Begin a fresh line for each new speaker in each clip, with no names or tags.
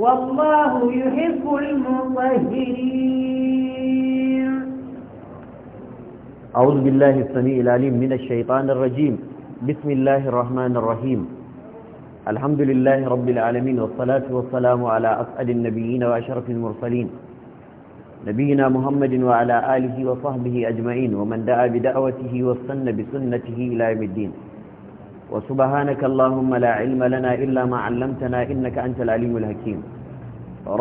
والله يحب المطهرين
أعوذ بالله السميع العليم من الشيطان الرجيم بسم الله الرحمن الرحيم الحمد لله رب العالمين والصلاة والسلام على أسأل النبيين وأشرف المرسلين نبينا محمد وعلى آله وصحبه أجمعين ومن دعا بدعوته واستنى بسنته إلى يوم الدين وسبحانك اللهم لا علم لنا إلا ما علمتنا إنك أنت العليم الحكيم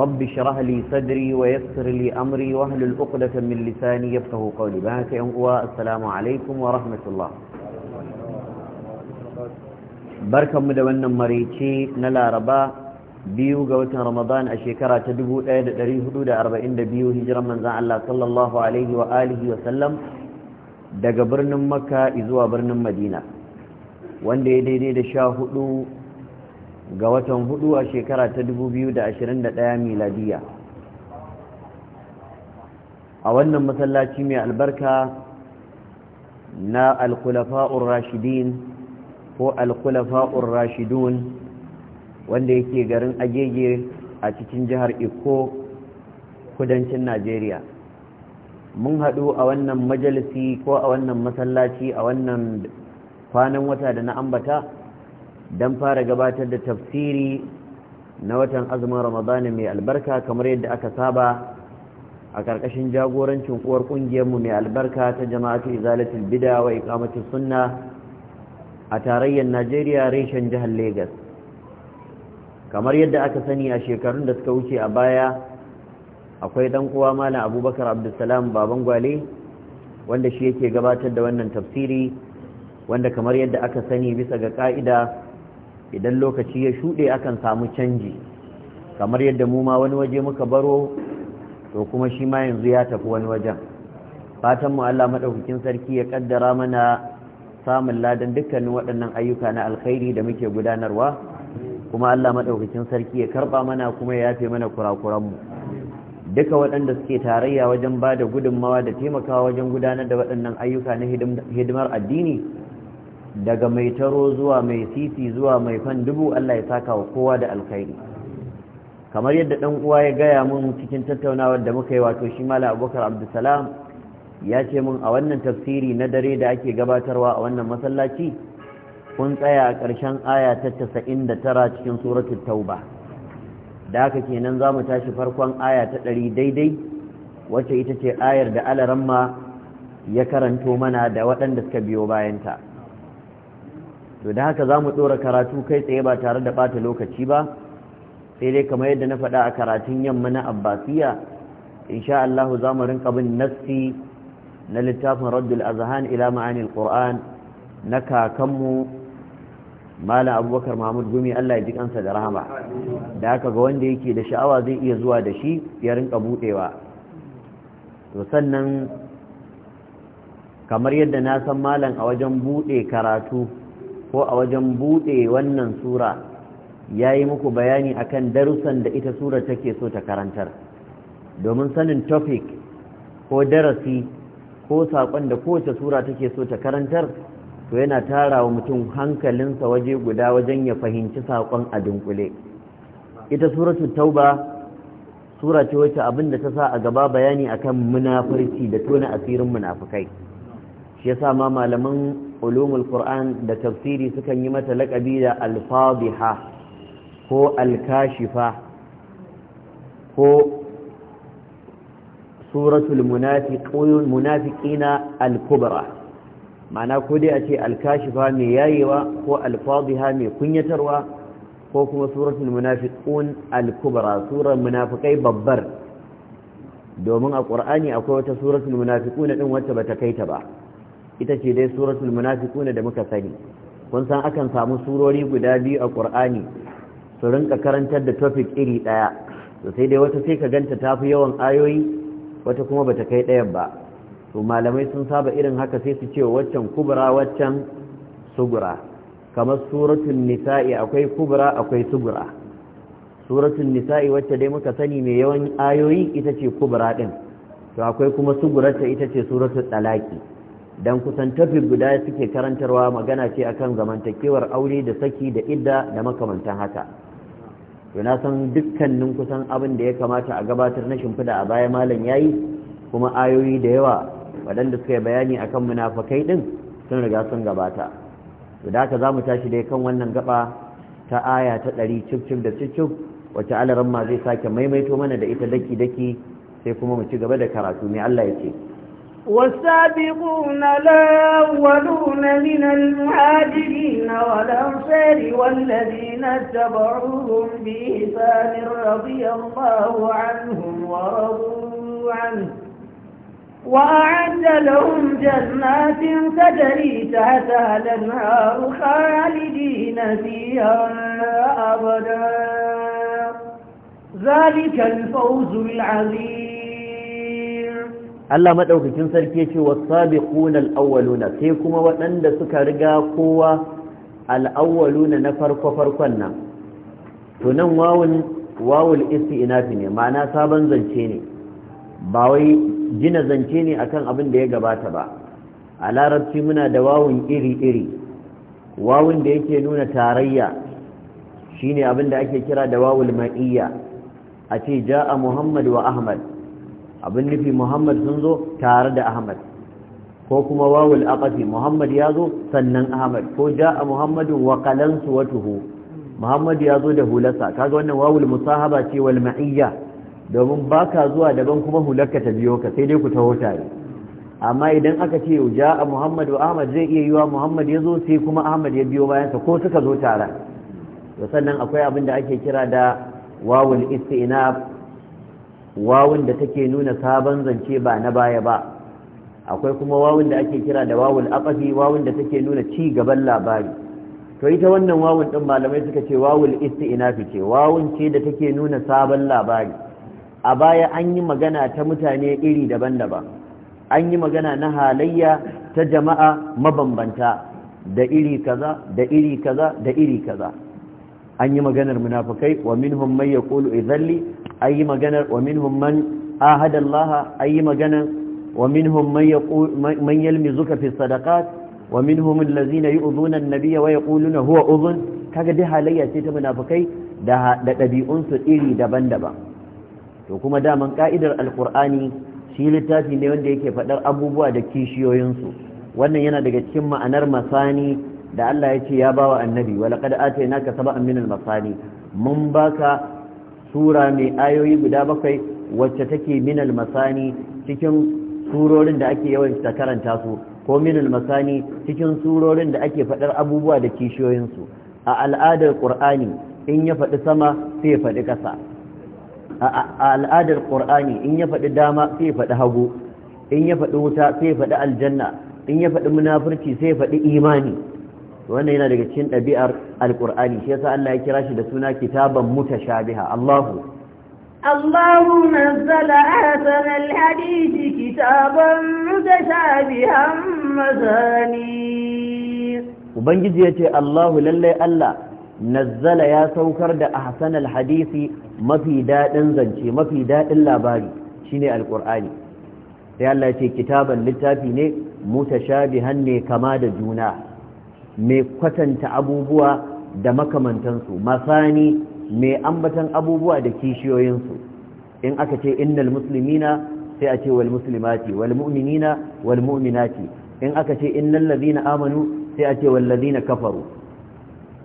رب شرح لي صدري ويسر لي أمري وهل الأقدة من لساني يفقه قولي بهك أنقوى السلام عليكم ورحمة الله بركة مدونا مريتي نلا ربا biyu ga watan ramadan a shekara ta 1442 hijiran manzan Allah sallallahu alaihi wa alihi wa sallam daga birnin makka zuwa birnin madina wanda ya daidai da sha hudu ga watan hudu a shekara ta 2021 miladiya a wannan masallaci mai albarka na alkulafa'ur rashidin ko alkulafa'ur rashidun wanda yake garin agege a cikin jihar iko kudancin najeriya mun haɗu a wannan majalisi ko a wannan masallaci a wannan kwanan wata da na ambata don fara gabatar da tafsiri na watan azumin ramadana mai albarka kamar yadda aka saba a ƙarƙashin jagorancin uwar ƙungiyarmu mai albarka ta jama'atu izalatul bida wa ikamatul sunna a tarayyar Najeriya reshen jihar Legas kamar yadda aka sani a shekarun da suka wuce a baya akwai dan uwa malam Abubakar Abdulsalam baban gwale wanda shi yake gabatar da wannan tafsiri wanda kamar yadda aka sani bisa ga ka'ida idan lokaci ya shuɗe akan samu canji kamar yadda mu ma wani waje muka baro to kuma shi ma yanzu ya tafi wani wajen Fatanmu Allah madaukakin sarki ya kaddara mana samun ladan dukkanin waɗannan ayyuka na alkhairi da muke gudanarwa kuma Allah madaukakin sarki ya karba mana kuma ya yafe mana kurakuran mu duka waɗanda suke tarayya wajen bada gudunmawa da taimakawa wajen gudanar da waɗannan ayyuka na hidimar addini daga mai taro zuwa mai titi zuwa mai fan dubu Allah ya saka wa kowa da alkhairi kamar yadda dan uwa ya gaya mun cikin tattaunawar da muka yi wato shi mala abubakar abdulsalam ya ce mun a wannan tafsiri na dare da ake gabatarwa a wannan masallaci kun tsaya a ƙarshen aya ta casa'in da tara cikin suratul tauba da haka kenan za mu tashi farkon aya ta ɗari daidai wacce ita ce ayar da alaramma ya karanto mana da waɗanda suka biyo bayanta to da haka za mu ɗora karatu kai tsaye ba tare da ɓata lokaci ba sai dai kamar yadda na faɗa a karatun yamma na abbasiya insha Allahu za mu rinka bin nassi na littafin raddul azhan ila ma'anil qur'an na kakanmu malam abubakar mahmud gumi Allah ya ji kansa da rahama da haka ga wanda yake da sha'awa zai iya zuwa da shi ya rinka buɗewa to sannan kamar yadda na san malam a wajen buɗe karatu ko a wajen buɗe wannan sura ya yi muku bayani akan darussan da ita sura take so ta karantar domin sanin topic ko darasi ko saƙon da kowace sura take so ta karantar to yana tara wa mutum hankalinsa waje guda wajen ya fahimci saƙon a dunkule ita suratul tauba sura ce wacce abin da ta sa a gaba bayani akan munafurci da tona asirin munafukai shi yasa ma malaman ulumul qur'an da tafsiri sukan yi mata laƙabi da alfadiha ko alkashifa ko suratul munafiqina al-kubra ma'ana ko dai a ce alkashifa mai yayewa ko alfabiha mai kunyatarwa ko kuma suratul munafiqun al-kubra munafikai babbar domin a ƙur'ani akwai wata suratul munafiquna din wacce bata kai ta ba ita ce dai suratul munafiqun da muka sani kun san akan samu surori guda biyu a Qur'ani su rinka karantar da topic iri daya to sai dai wata sai ka ganta tafi yawan ayoyi wata kuma bata kai dayan ba to malamai sun saba irin haka sai su ce waccan kubra waccan sugura kamar suratul nisa'i akwai kubra akwai sugura suratul nisa'i wacce dai muka sani mai yawan ayoyi ita ce kubra din to akwai kuma sugurarta ita ce suratul talaqi dan kusan tafir guda suke karantarwa magana ce akan zamantakewar aure da saki da idda da makamantan haka to na san dukkanin kusan abin da ya kamata a gabatar na shimfida a baya malam yayi kuma ayoyi da yawa waɗanda suka bayani akan munafakai din sun riga sun gabata Guda da haka zamu tashi dai kan wannan gaba ta aya ta 100 cif da cif wacce alaran ma zai sake maimaito mana da ita daki daki sai kuma mu ci gaba da karatu ne Allah ya ce
والسابقون الأولون من المهاجرين والأنصار والذين اتبعوهم بإحسان رضي الله عنهم ورضوا عنه وأعد لهم جنات تجري تحتها الأنهار خالدين فيها أبدا ذلك الفوز العظيم
Allah madaukakin sarki yace was-sabiquna al sai kuma waɗanda suka riga kowa al’awwaluna na farko farkon nan to nan wawun wawul isti'nafi ne ma'ana sabon zance ne ba wai gina zance ne akan abin da ya gabata ba a larabci muna da wawun iri-iri wawun da yake nuna tarayya shine abin da ake kira da wawul ma'iyya a ce ja'a muhammad wa ahmad abin nufi muhammad sun zo tare da ahmad ko kuma wawul aqafi muhammad ya zo sannan ahmad ko ja'a muhammadun wa qalansu wa tuhu muhammad ya zo da hulasa kaga wannan wawul musahaba ce wal ma'iyya domin baka zuwa daban kuma hularka ta biyo ka sai dai ku taho tare amma idan aka ce ja'a muhammad wa ahmad zai iya yiwa muhammad ya zo sai kuma ahmad ya biyo bayansa ko suka zo tare sannan akwai abin da ake kira da wawul istinaf wawun da take nuna sabon zance ba na baya ba akwai kuma wawun da ake kira da wawul aqafi wawun da take nuna ci gaban labari to ita wannan wawun din malamai suka ce wawul isti'nafi ce wawun ce da take nuna sabon labari a baya an yi magana ta mutane iri daban-daban an yi magana na halayya ta jama'a mabambanta da iri kaza da iri kaza da iri kaza an yi maganar munafikai wa minhum may yaqulu idhalli ayi maganar wa minhum man ahada Allah ayi maganar wa minhum man yaqul man yalmizuka fi sadaqat wa minhum allazina yu'dhuna an-nabiyya wa yaquluna huwa udhun kaga dai halayya ce ta munafikai da da dabi'un su iri daban-daban to kuma daman ka'idar alqur'ani shi littafi ne wanda yake faɗar abubuwa da kishiyoyinsu. wannan yana daga cikin ma'anar masani da Allah ya ce ya bawa annabi wa laqad atainaka sab'an min al-masani mun baka sura mai ayoyi guda bakwai wacce take minal masani cikin surorin da ake yawan ta karanta su ko minal masani cikin surorin da ake faɗar abubuwa da kishiyoyinsu a al'adar ƙur'ani in ya faɗi sama sai ya faɗi ƙasa a al'adar ƙur'ani in ya faɗi dama sai ya faɗi hagu in ya faɗi wuta sai ya faɗi aljanna in ya faɗi munafurci sai ya faɗi imani wannan yana daga cikin ɗabi'ar alƙur'ani shi yasa Allah ya kira shi da suna kitaban mutashabiha Allahu
الله نزل أحسن الحديث كتابا متشابها مثاني
وبنجد يتي الله للي ألا نزل يا سوكر دا أحسن الحديث ما في داء انزنشي ما في داء إلا باري شيني القرآن يا الله يتي كتابا للتافي ني متشابها ني كما دا جناه mai kwatanta abubuwa da makamantansu masani mai ambatan abubuwa da kishiyoyinsu in aka ce innal muslimina sai a ce wal muslimati wal mu'minina wal mu'minati in aka ce innal ladina amanu sai a ce wal ladina kafaru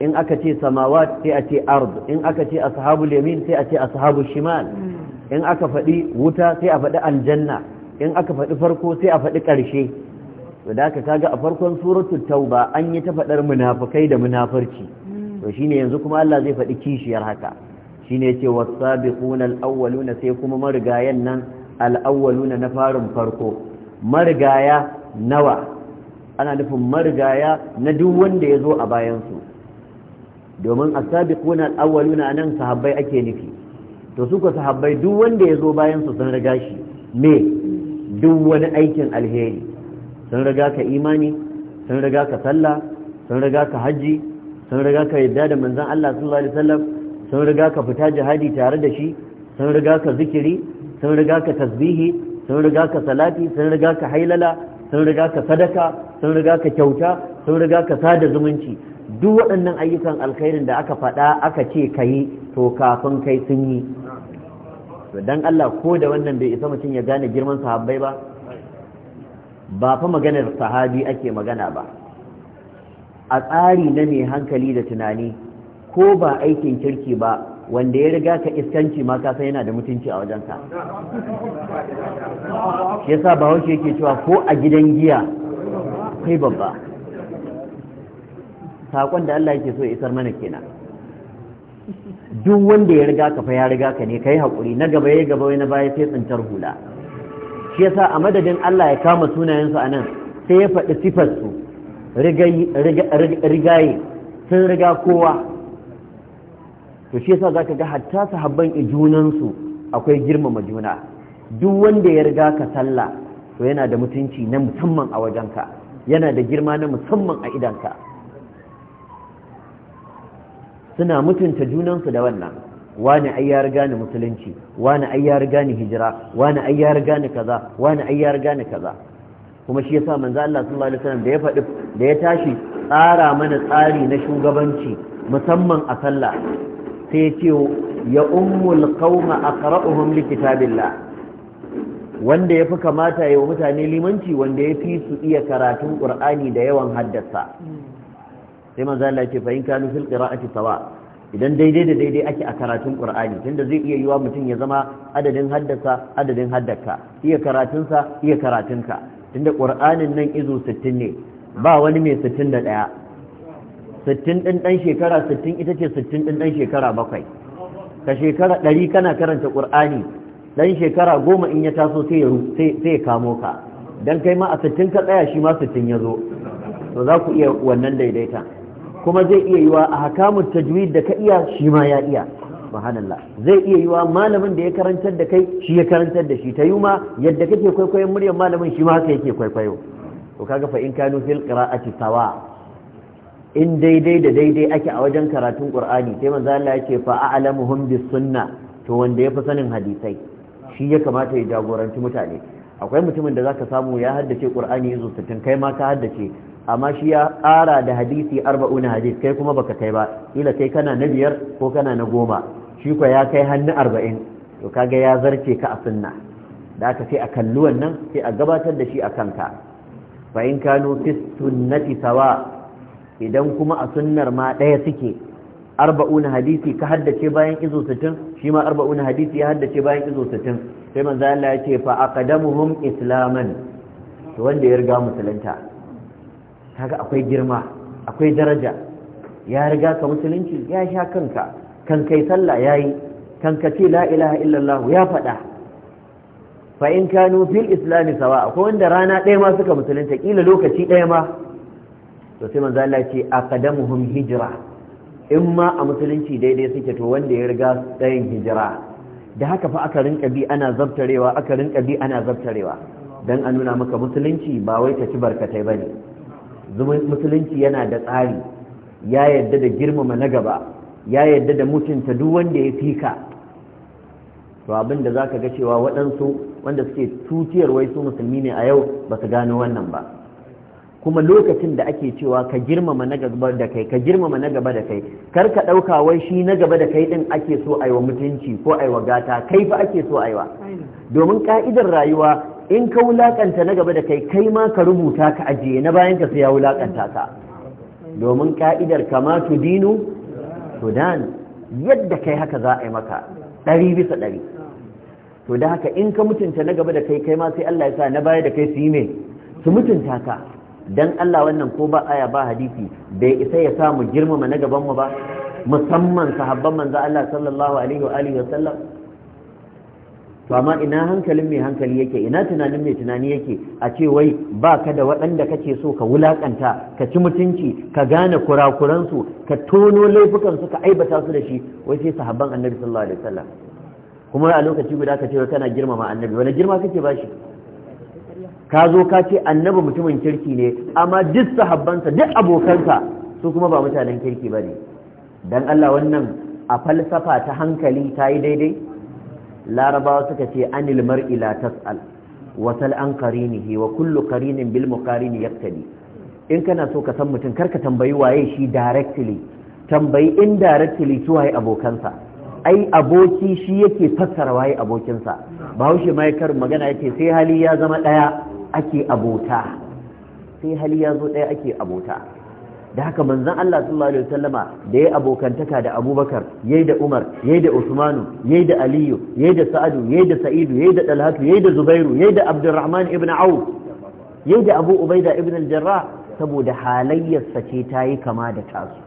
in aka ce samawat sai a ce ard in aka ce ashabul yamin sai a ce ashabul shimal hmm. in aka faɗi wuta sai a faɗi aljanna in aka faɗi farko sai a faɗi ƙarshe to da ka kaga a farkon suratul tauba an yi ta faɗar munafukai da munafarci mm. to shine yanzu kuma Allah zai faɗi kishiyar haka shine yace was-sabiquna sai kuma marigayan nan al na farin farko marigaya nawa ana nufin marigaya na duk wanda ya a bayan su domin asabiquna sabiquna al-awwaluna anan sahabbai ake nufi to su ko sahabbai duk wanda yazo zo bayan su sun riga shi me duk wani aikin alheri sun riga ka imani sun riga ka sallah sun riga ka hajji sun riga ka yadda da manzon Allah sallallahu alaihi wasallam sun riga ka fita jihadi tare da shi sun riga ka zikiri sun riga ka tasbihi sun riga ka salati sun riga ka hailala sun riga ka sadaka sun riga ka kyauta sun riga ka sada zumunci duk waɗannan ayyukan alkhairin da aka faɗa aka ce ka yi to kafin kai sun yi dan Allah ko da wannan bai isa mutum ya gane girman sahabbai ba ba fa maganar sahabi ake magana ba a tsari na mai hankali da tunani ko ba aikin kirki ba wanda ya riga ka iskanci ma ka san yana da mutunci a wajenka
yasa ba wace yake cewa ko a
gidan giya kai babba sakon da Allah yake so ya isar mana kenan duk wanda ya riga ka fa ya riga ka ne kai hakuri na gaba ya gaba na baya sai tsintar hula shi yasa a madadin Allah ya kama sunayensu a nan sai ya faɗi sifarsu rigaye sun riga kowa to shi yasa za ka ga hatta habban junansu akwai girmama juna duk wanda ya riga ka sallah to yana da mutunci na musamman a wajenka yana da girma na musamman a idanka suna mutunta junansu da wannan wani ai ya riga ni musulunci wani ai ya riga ni hijira wani ai ya riga ni kaza wani ai ya riga ni kaza kuma shi yasa manzo Allah sallallahu alaihi wasallam da ya faɗi da ya tashi tsara mana tsari na shugabanci musamman a sallah sai ya ce ya ummul qauma aqra'uhum li kitabillah wanda ya fi kamata ya wa mutane limanci wanda ya fi su iya karatun qur'ani da yawan haddasa sai manzo Allah ya ce fa in kanu fil qira'ati sawa idan daidai da daidai ake a karatun ƙur'ani, tunda zai iya yiwa mutum ya zama adadin haddasa adadin haddaka iya karatunsa iya karatunka tunda ƙur'anin nan izo 60 ne ba wani mai 61 60 din dan shekara 60 ita ce 60 din dan shekara bakwai ka shekara 100 kana karanta ƙur'ani. dan shekara goma in ya taso sai ya sai ya kamo ka dan kai ma a 60 ka tsaya shi ma 60 ya zo to za ku iya wannan daidaita kuma zai iya yiwa a hakamun tajwid da ka iya shi ma ya iya subhanallah zai iya yiwa malamin da ya karantar da kai shi ya karantar da shi ta yuma yadda kake kwaikwayon muryar malamin shi ma haka yake kwaikwayo to kaga fa in kanu fil qira'ati sawa in daidai da daidai ake a wajen karatun qur'ani sai manzo Allah ya ce fa alamu bis sunna to wanda ya fi sanin hadisai shi ya kamata ya jagoranci mutane akwai mutumin da zaka samu ya haddace qur'ani yanzu Sittin kai ma ka haddace amma shi ya ƙara da hadisi arba'u na hadis kai kuma baka kai ba ila kai kana na biyar ko kana na goma shi kuwa ya kai hannu arba'in to kaga ya zarce ka a sunna da aka sai a kalli wannan sai a gabatar da shi a kanka fa in kanu fi sunnati sawa idan kuma a sunnar ma ɗaya suke arba'u na hadisi ka haddace bayan izo sittin shi ma na hadisi ya haddace bayan izo sittin sai manzo Allah ya ce fa aqdamuhum islaman to wanda ya riga musulunta kaga akwai girma akwai daraja ya riga ka musulunci ya sha kanka kan kai sallah yayi kan ka ce la ilaha illallah ya fada fa in kanu fil islam sawa akwai wanda rana ɗaya ma suka musulunta kila lokaci ɗaya ma to sai manzo Allah ce aqdamuhum hijra in ma a musulunci daidai suke to wanda ya riga tsayin hijira da haka fa aka rinka bi ana zabtarewa aka rinka bi ana zabtarewa dan a nuna maka musulunci ba wai ta ci barkatai bane musulunci yana da tsari ya yadda da girmama na gaba ya yadda da mutunta duk wanda ya fika to abin da zaka ga cewa waɗansu wanda suke tutiyar wai su musulmi ne a yau ba su gano wannan ba kuma lokacin da ake cewa ka girmama na gaba da kai ka girmama na gaba da kai kar ka ɗauka wai shi na gaba da kai ɗin ake so a wa mutunci ko a wa gata kai fa ake so a wa domin ka'idar rayuwa in ka wulakanta na gaba da kai kai ma ka rubuta ka ajiye na bayan ka sai ya wulakanta ka domin ka'idar kama tu dinu sudan yadda kai haka za a yi maka ɗari bisa ɗari to da haka in ka mutunta na gaba da kai kai ma sai Allah ya sa na baya da kai su yi mai su mutunta ka dan Allah wannan ko ba aya ba hadisi bai isa ya samu girmama na gaban mu ba musamman sahabban manzo Allah sallallahu alaihi wa alihi wa sallam to amma ina hankalin mai hankali yake ina tunanin mai tunani yake a ce wai ba ka da waɗanda kake so ka wulakanta ka ci mutunci ka gane kurakuransu ka tono laifukansu ka aibata su da shi wai sai sahabban annabi sallallahu alaihi wasallam kuma a lokaci guda ka ce kana girmama annabi wani girma kake ba shi ka zo ka ce annabi mutumin kirki ne amma duk sahabbansa duk abokansa su kuma ba mutanen kirki ba ne don allah wannan a falsafa ta hankali ta yi daidai larabawa suka ce anil mar'i la tas'al wasal an qarinihi wa kullu qarinin bil muqarini yaqtadi in kana so ka san mutum karka tambayi waye shi directly tambayi indirectly su waye abokansa ai aboki shi yake fassara waye abokinsa bahaushe mai karin magana yake sai hali ya zama daya ake abota sai hali ya zo daya ake abota da haka manzon Allah sallallahu alaihi wasallama da yayi abokantaka da Abubakar yayi da Umar yayi da Usmanu yayi da Aliyu yayi da Sa'adu yayi da Sa'idu yayi da Talhatu yayi da Zubairu yayi da Abdurrahman ibn Auf yayi da Abu Ubaida ibn al-Jarrah saboda halayyarsa ce ta yi kama da tasu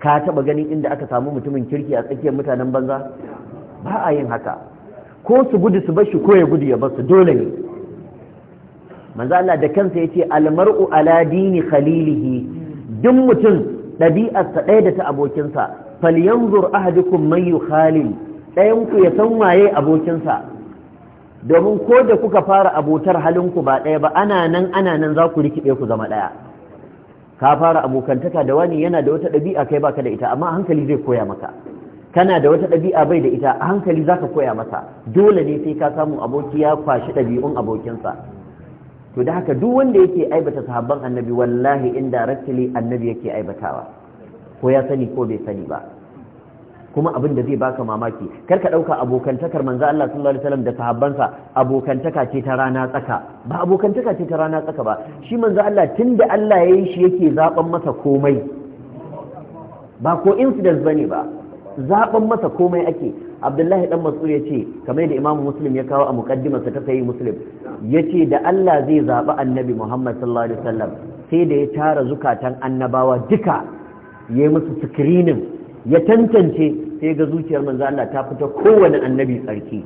ka taba ganin inda aka samu mutumin kirki a tsakiyar mutanen banza ba a yin haka ko su gudu su bashi ko ya gudu ya basu dole ne manzo Allah da kansa yace almar'u ala dini khalilihi duk mutum ɗabi'arsa ɗaya da ta abokinsa falyanzur ahadukum man yukhalil ɗayan ku ya san waye abokinsa domin ko da kuka fara abotar halin ku ba ɗaya ba ana nan ana nan za ku rikide ku zama ɗaya ka fara abokantaka da wani yana da wata ɗabi'a kai baka da ita amma hankali zai koya maka kana da wata ɗabi'a bai da ita a hankali zaka koya masa dole ne sai ka samu aboki ya kwashi ɗabi'un abokinsa to da haka duk wanda yake aibata sahabban annabi wallahi rakili annabi yake aibatawa ko ya sani ko bai sani ba kuma abin da zai baka mamaki kar ka dauka abokantakar manzo Allah sallallahu alaihi wasallam da sahabbansa abokantaka ce ta rana tsaka ba abokantaka ce ta rana tsaka ba shi manzo Allah tunda Allah yayin shi yake zaben masa komai ba ko incident bane ba zaɓen masa komai ake abdullahi dan mas'ud ya ce kamar da imamu muslim ya kawo a muqaddimarsa ta sayi muslim ya ce da allah zai zaɓi annabi muhammad sallallahu alaihi wasallam sai da ya tara zukatan annabawa duka ya yi musu sikirinin ya tantance sai ga zuciyar manzo allah ta fita kowane annabi tsarki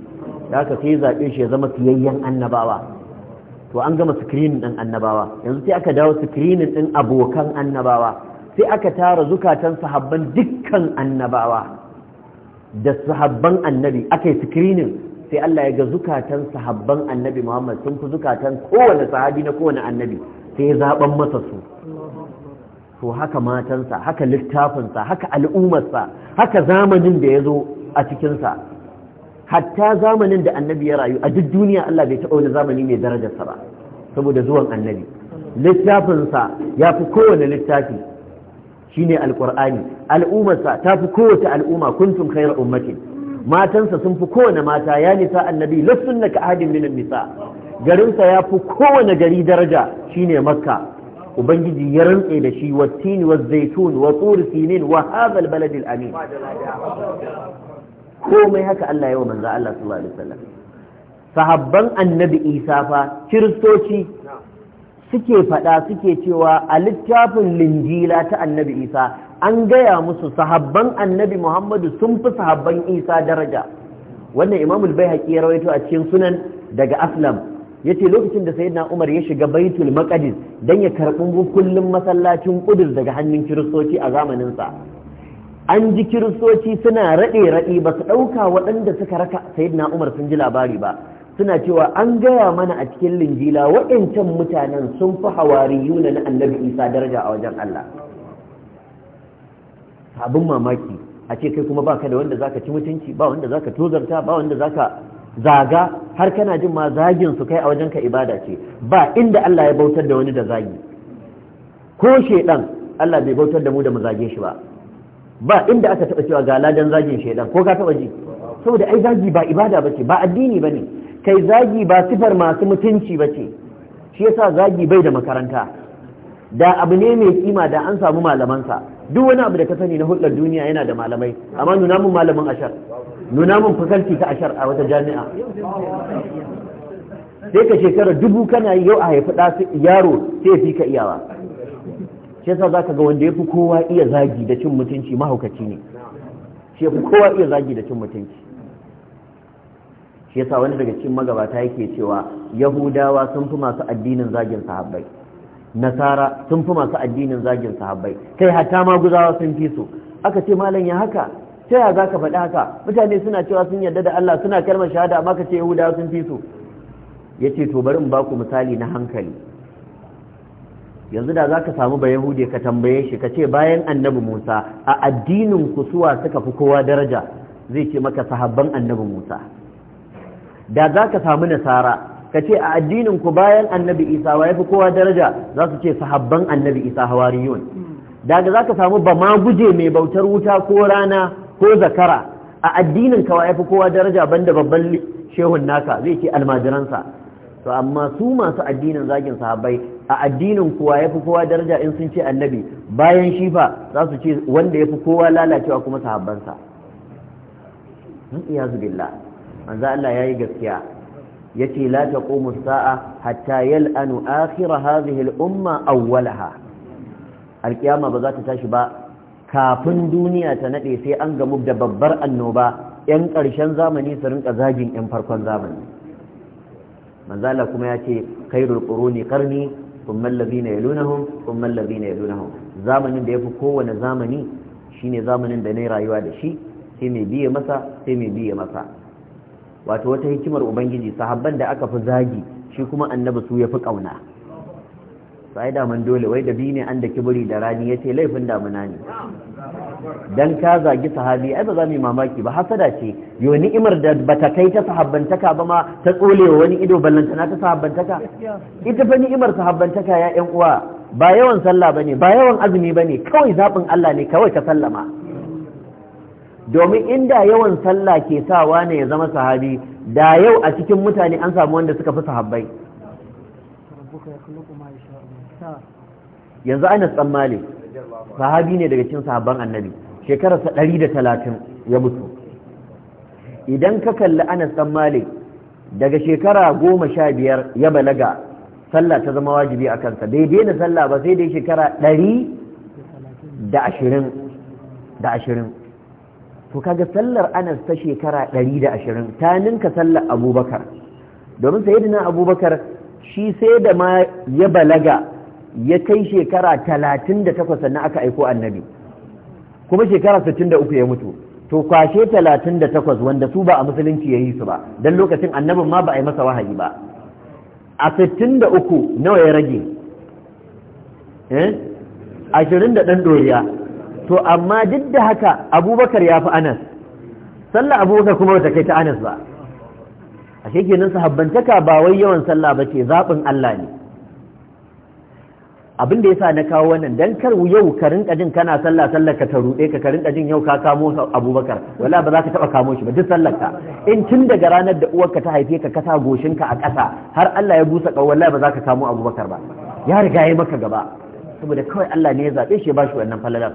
da haka sai zaɓe shi ya zama siyayyen annabawa to an gama sikirinin ɗin annabawa yanzu sai aka dawo sikirinin ɗin abokan annabawa sai aka tara zukatan sahabban dukkan annabawa da sahabban annabi aka yi screening sai Allah ya ga zukatan sahabban annabi Muhammad sun fi zukatan kowane sahabi na kowane annabi sai ya zaben masa su to haka matansa haka littafinsa haka al'ummarsa haka zamanin da ya zo a cikinsa hatta zamanin da annabi ya rayu a duk duniya Allah bai taɓa wani zamani mai darajarsa ba saboda zuwan annabi littafinsa ya fi kowane littafi shine alqur'ani al'ummarsa ta fi kowace al'umma kuntum khayra ummatin matansa sun fi kowane mata ya nisa annabi lassunna ka ahadin min nisa garinsa ya fi kowane gari daraja shine makka ubangiji ya rantse da shi wa tini wa zaitun wa tsuri sinin wa hazal baladil amin komai haka Allah ya wa manzo Allah sallallahu alaihi wasallam sahabban annabi Isa fa kiristoci suke faɗa suke cewa a littafin linjila ta annabi isa an gaya musu sahabban annabi muhammadu sun fi sahabban isa daraja wannan imamul bai haƙi ya rawaito a cikin sunan daga aslam ya ce lokacin da sayyidina umar ya shiga baitul maqdis don ya karɓi kullum masallacin ƙudur daga hannun kiristoci a zamaninsa an ji kiristoci suna raɗe raɗe ba su ɗauka waɗanda suka raka sayyidina umar sun ji labari ba suna cewa an gaya mana a cikin linjila waɗancan mutanen sun fi Yuna na annabi isa daraja a wajen Allah abin mamaki a ce kai kuma baka da wanda zaka ci mutunci ba wanda zaka tozarta ba wanda zaka zaga har kana jin ma zagin su kai a wajen ka ibada ce ba inda Allah ya bautar da wani da zagi ko shedan Allah bai bautar da mu da mu zage shi ba ba inda aka taba cewa ga ladan zagin shedan ko ka taba ji saboda ai zagi ba ibada bace ba addini bane kai zagi ba sifar masu mutunci ba ce shi yasa zagi bai da makaranta da abu ne mai kima da an samu malamansa duk wani abu da ka sani na hulɗar duniya yana da malamai amma nuna mun malamin ashar nuna mun fakalti ta ashar a wata jami'a
sai ka shekarar
dubu kana yi yau a haifi ɗa yaro sai fi ka iyawa shi yasa ka ga wanda ya fi kowa iya zagi da cin mutunci mahaukaci ne shi ya fi kowa iya zagi da cin mutunci shi yasa wani daga cikin magabata yake cewa yahudawa sun fi masu addinin zagin sahabbai nasara sun fi masu addinin zagin sahabbai kai hatta ma guzawa sun fi su aka ce malam ya haka ta ya za ka faɗi haka mutane suna cewa sun yarda da Allah suna kalmar shahada amma ka ce yahudawa sun fi su ya ce to bari in ba ku misali na hankali yanzu da za ka samu ba Yahudi ka tambaye shi ka ce bayan annabi musa a addinin kusuwa suwa suka fi kowa daraja zai ce maka sahabban annabi musa da za ka samu nasara ka ce a addinin ku bayan annabi isa wa ya fi kowa daraja za su ce sahabban annabi isa hawariyun da za ka samu ba ma guje mai bautar wuta ko rana ko zakara a addinin ka wa ya fi kowa daraja banda babban shehun naka zai ce almajiransa to amma su masu addinin zagin sahabai, a addinin kuwa ya fi kowa daraja in sun ce annabi bayan shifa, fa za su ce wanda ya fi kowa lalacewa kuma sahabbansa iya zubilla manzo Allah yayi gaskiya yace la taqumu as-sa'a hatta yal'anu akhir hadhihi al-umma awwalaha alkiyama ba za ta tashi ba kafin duniya ta nade sai an gamu da babbar annoba yan ƙarshen zamani su rinka zagin yan farkon zamani manzo Allah kuma yace khairul quruni qarni thumma alladhina yalunhum thumma alladhina yalunhum zamanin da yafi kowane zamani shine zamanin da yi rayuwa da shi sai mai biye masa sai mai biye masa wato wata hikimar ubangiji sahabban da aka fi zagi shi kuma annabi su ya fi ƙauna sai daman dole wai da biyu ne an da kibiri da rani ya ce laifin damuna ne dan ka zagi sahabi ai ba za mu yi mamaki ba hasada ce yo ni'imar da bata kai ta sahabbantaka ba ma ta tsolewa wani ido na ta sahabbantaka ita fa ni'imar sahabbantaka ya yan uwa ba yawan sallah bane ba yawan azumi ne, kawai zaɓin Allah ne kawai ka sallama domin inda yawan sallah ke sawa ne ya zama sahabi da yau a cikin mutane an samu wanda suka fi sahabbai yanzu ana tsammali sahabi ne daga cikin sahabban annabi shekararsa ɗari da talatin ya mutu idan ka kalli ana tsammali daga shekara goma sha biyar ya balaga sallah ta zama wajibi a kansa bai daina sallah ba sai dai shekara ɗari da ashirin da ashirin to kaga sallar anas ta shekara 120 ta ninka sallar abubakar domin sayyidina abubakar shi sai da ma ya balaga ya kai shekara 38 sannan aka aiko annabi kuma shekara 63 ya mutu to kwashe 38 wanda su ba a musulunci ya yi su ba don lokacin annabin ma ba a yi masa wahayi ba a 63 nawa ya rage eh 20 da ɗan doriya to amma duk da haka abubakar ya fi anas sallah abubakar kuma bata kai ta anas ba a nan sahabbantaka ba wai yawan sallah ba ce zaɓin allah ne abin da ya sa na kawo wannan dan kar yau ka rinka jin kana sallah sallar ka ta ruɗe ka ka rinka jin yau ka kamo abubakar wala ba za ka taɓa kamo shi ba duk sallar ka in tun daga ranar da uwarka ta haife ka kasa goshin ka a ƙasa har Allah ya busa ƙau wala ba za ka kamo abubakar ba ya riga ya maka gaba saboda kawai Allah ne ya zaɓe shi ya ba shi wannan falalar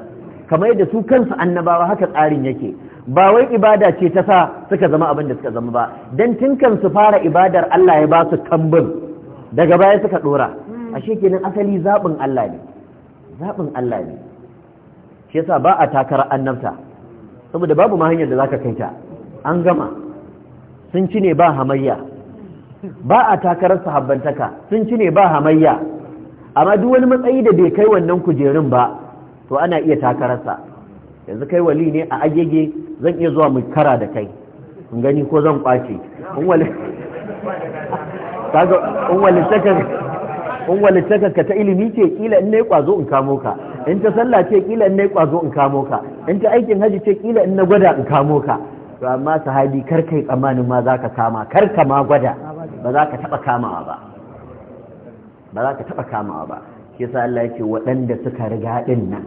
kamar yadda su kansu annabawa haka tsarin yake ba wai ibada ce ta sa suka zama abin da suka zama ba dan tun kan su fara ibadar Allah ya ba su tambun daga baya suka dora ashe kenan asali zabin Allah ne zabin Allah ne shi yasa ba a takara annabta saboda babu ma hanyar da zaka kai ta an gama sun ci ne ba hamayya ba a takarar sahabbantaka sun ci ne ba hamayya amma duk wani matsayi da bai kai wannan kujerun ba to ana iya takararsa yanzu kai wali ne a agege zan iya zuwa mu kara da kai in gani ko zan kwace in walittaka ka ta ilimi ce kila in na yi kwazo in kamo ka in ta sallah ce kila in na yi kwazo in kamo ka in ta aikin hajji ce kila in na gwada in kamo ka to amma sahabi kar kai tsammanin ma za ka kama kar ka ma gwada ba za ka taɓa kamawa ba ba za ka taba kamawa ba shi sa Allah ya ce waɗanda suka riga ɗin nan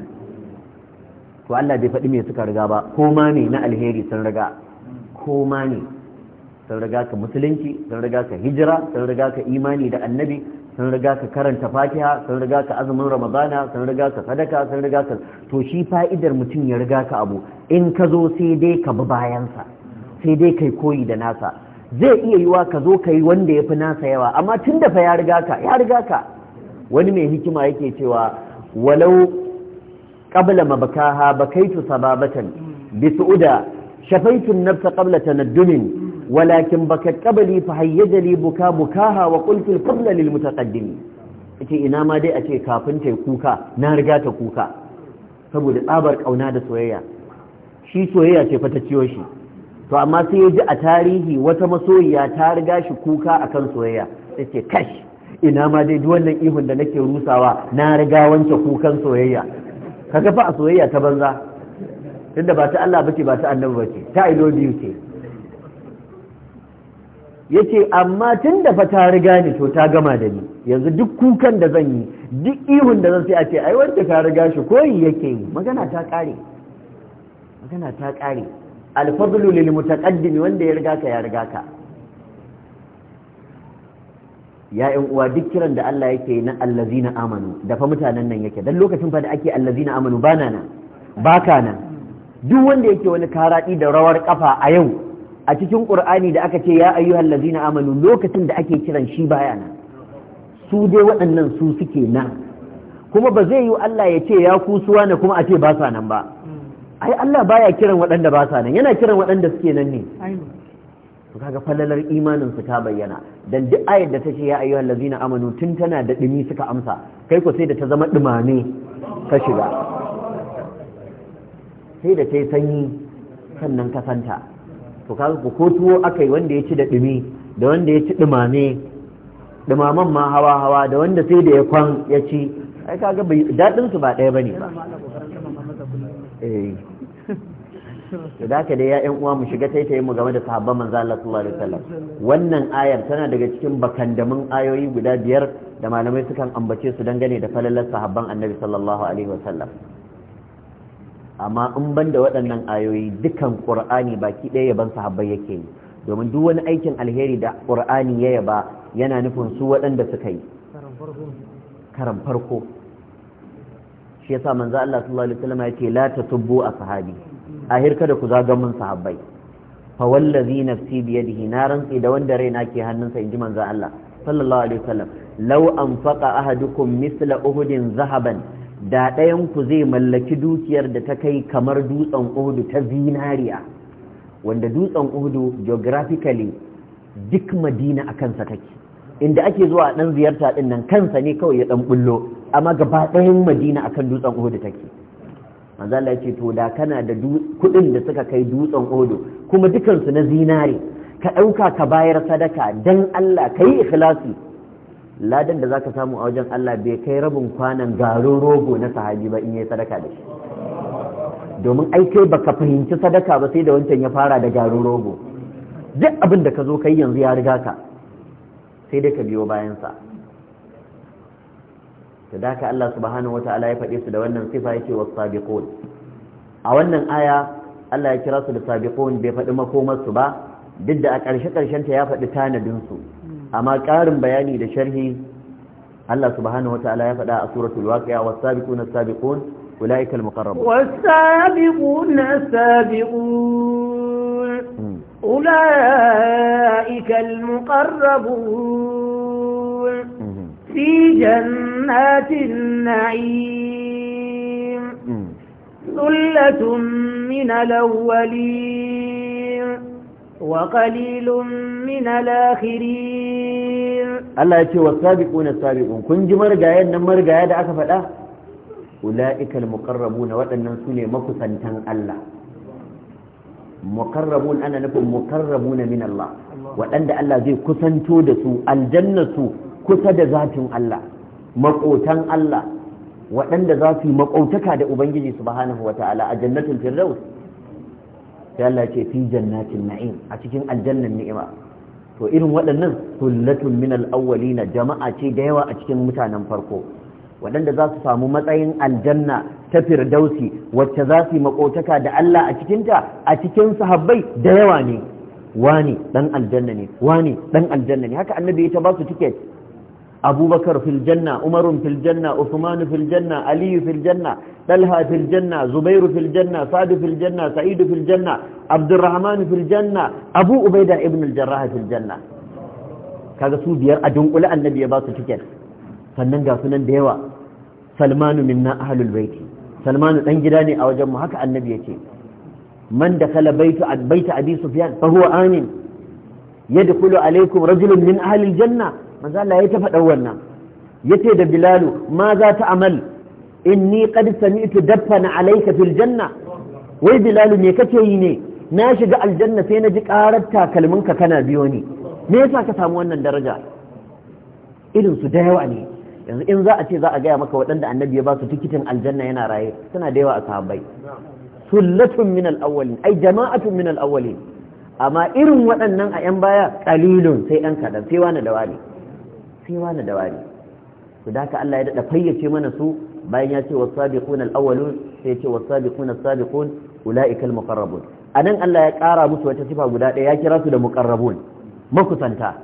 to Allah bai faɗi me suka riga ba ko ma ne na alheri sun riga ko ma ne sun riga ka musulunci sun riga ka hijira sun riga ka imani da annabi sun riga ka karanta fatiha sun riga ka azumin ramadana sun riga ka sadaka sun riga ka to shi fa'idar mutum ya riga ka abu in ka zo sai dai ka bi bayansa sai dai kai koyi da nasa zai iya yiwa ka zo ka yi wanda ya fi nasa yawa amma tun da fa ya riga ka ya riga ka wani mai hikima yake cewa walau qabla mabkaha bakaitu sababatan bi su'uda shafaitu an-nafsa qabla tanaddumin ولكن بكت قبلي فهيج لي بكا بكاها وقلت القبل للمتقدم ina ma dai a ce kafin ta kuka na riga ta kuka saboda tsabar kauna da soyayya shi soyayya ce fata ciwo shi to amma sai ya ji a tarihi wata masoyiya ta riga shi kuka akan soyayya sai ce kash ina ma dai duk wannan ihun da nake rusawa na riga wanke kukan soyayya Ka fa a soyayya ta banza tunda ba ta Allah bace ba ta annabi bace ta ilo biyu ce yace amma tunda fa ta riga ni to ta gama da ni yanzu duk kukan da zan yi duk ihun da zan sai a ce ai wanda ka riga shi koyi yake yi magana ta kare magana ta kare alfadlu lil mutaqaddimi wanda ya riga ka ya riga ka ya uwa duk kiran da Allah yake na allazina amanu da fa mutanen nan yake dan lokacin fa da ake allazina amanu bana nan baka nan duk wanda yake wani karaɗi da rawar kafa a yau a cikin qur'ani da aka ce ya ayyuhal ladina amanu lokacin da ake kiran shi baya nan su dai waɗannan su suke nan kuma ba zai yi Allah ya ce ya suwa na kuma a ce ba sa nan ba ai Allah baya kiran waɗanda ba sa nan yana kiran waɗanda suke nan ne to kaga falalar imanin su ta bayyana dan duk ayar da ta ce ya ayyuhal ladzina amanu tun tana da dumi suka amsa kai ko sai da ta zama dumame ka shiga sai da tai sanyi sannan ka santa to kaga ko ko tuwo akai wanda ya ci da dumi da wanda ya ci dumame dumaman ma hawa hawa da wanda sai da ya kwan ya ci ai kaga dadin su ba daya bane ba eh to da haka dai ya 'yan uwa mu shiga taitaye mu game da sahabban manzo Allah sallallahu alaihi wasallam wannan ayar tana daga cikin bakandamin ayoyi guda biyar da malamai sukan ambace su dangane da falalar sahabban annabi sallallahu alaihi wasallam amma in ban da waɗannan ayoyi dukan qur'ani baki ɗaya yaban sahabbai yake yi domin duk wani aikin alheri da qur'ani ya yaba yana nufin su waɗanda suka yi karan farko shi yasa manzo Allah sallallahu alaihi wasallam yake la tatubbu ashabi a kada ku zaga mun sahabbai fa wallazi nafsi bi yadihi na da wanda raina ke hannunsa inji manzo Allah sallallahu alaihi wasallam law anfaqa ahadukum mithla uhudin zahaban da ɗayan ku zai mallaki dukiyar da ta kai kamar dutsen uhudu ta zinariya wanda dutsen uhudu geographically duk madina a kansa take inda ake zuwa a ɗan ziyarta ɗin nan kansa ne kawai ya ɗan bullo amma gaba ɗayan madina akan dutsen uhudu take manzala ya ce to da kana da kuɗin da suka kai dutsen odo kuma dukansu na zinare ka ɗauka ka bayar sadaka dan Allah ka yi ikhlasi ladan da zaka samu a wajen Allah bai kai rabin kwanan garin rogo na sahabi ba in yi sadaka da shi domin ai kai baka fahimci sadaka ba sai da wancan ya fara da garin rogo duk abin da ka zo kai yanzu ya riga ka sai dai ka biyo bayansa to da Allah subhanahu wata'ala ya faɗe su da wannan sifa yake was sabiqun a wannan aya Allah ya kira su da sabiqun bai faɗi makomar su ba duk da a ƙarshe ƙarshen ta ya faɗi tanadin amma ƙarin bayani da sharhi Allah subhanahu wata'ala ya faɗa a suratul waqi'a was sabiqun as sabiqun ulaika al muqarrabun
was sabiqun as sabiqun أولئك المقربون في جنات النعيم ثلة من الأولين وقليل من الآخرين
الله يتي والسابقون السابقون كن جمر جاية نمر جاية دعك فلا أولئك المقربون وأن نسوني مكسن تن الله muqarrabun ana nufin muqarrabuna min Allah waɗanda Allah zai kusanto da su aljanna su kusa da zatin Allah maƙotan Allah waɗanda za su yi maƙautaka da Ubangiji subhanahu wa ta'ala a jannatin firdaus sai Allah ce fi jannatin na'im a cikin aljannan ni'ima to irin waɗannan hullatun min al na jama'a ce da yawa a cikin mutanen farko waɗanda za su samu matsayin aljanna ta firdausi wacce za su yi makotaka da Allah a cikinta a cikin sahabbai da yawa ne wani dan aljanna ne wani dan aljanna ne haka annabi ya ta ba su tiket abubakar fil janna umarun fil janna usmanu fil janna aliyu fil janna talha fil janna zubairu fil janna sadu fil janna sa'idu fil janna abdurrahman fil janna abu ubaida ibn al jarrah fil janna kaga su biyar a dunkule annabi ya ba su tiket sannan ga sunan da yawa salmanu minna ahlul baiti salmanu dan gida ne a wajen mu haka annabi yace man dakala baitu baita abi sufyan fa huwa amin yadkhulu alaykum rajulun min ahli al janna manzo Allah ya ta faɗa wannan yace da bilalu ma za ta amal inni qad sami'tu daffan alayka fil janna wai bilalu me kake yi ne na shiga aljanna sai na ji karar ka kana biyo ni me yasa ka samu wannan daraja irin su da yawa ne yanzu in za a ce za a gaya maka waɗanda annabi ya ba su tikitin aljanna yana raye suna da yawa a sahabbai sullatun min al-awwalin ai jama'atun min al-awwalin amma irin waɗannan a 'yan baya ƙalilun sai 'yan kaɗan sai wani da wani sai wani da to da ka Allah ya dada fayyace mana su bayan ya ce was-sabiquna al-awwalun sai ya ce was-sabiquna as muqarrabun anan Allah ya kara musu wata sifa guda ɗaya ya kira su da muqarrabun makusanta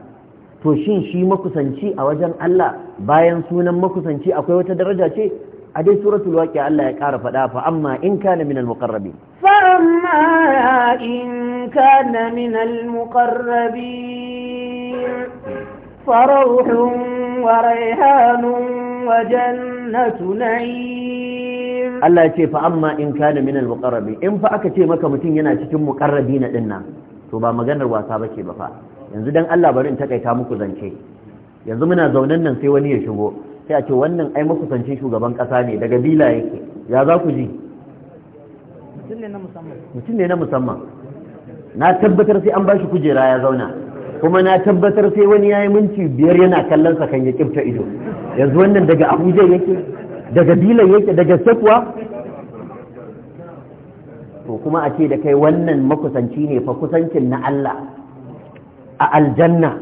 to shin shi makusanci a wajen Allah bayan sunan makusanci akwai wata daraja ce a dai suratul waqi'a Allah ya kara faɗa fa amma in kana min al-muqarrabin
fa amma in kana min al فروح وريحان وجنة نعيم
الله يتي فأما إن كان من المقربين إن فأكتي مكة متين ينا تتم مقربين لنا توبا مغنر ba fa? yanzu dan Allah bari in takaita muku zance yanzu muna zaunan nan sai wani ya shigo sai a ce wannan ai makusancin shugaban kasa ne daga bila yake ya za ku ji mutum ne na musamman na tabbatar sai an ba shi kujera ya zauna kuma na tabbatar sai wani ya yi minti biyar yana kallon sa kan ya kifta ido yanzu wannan daga abuja yake daga bilan yake daga sakwa to kuma a ce da kai wannan makusanci ne fa kusancin na Allah a aljanna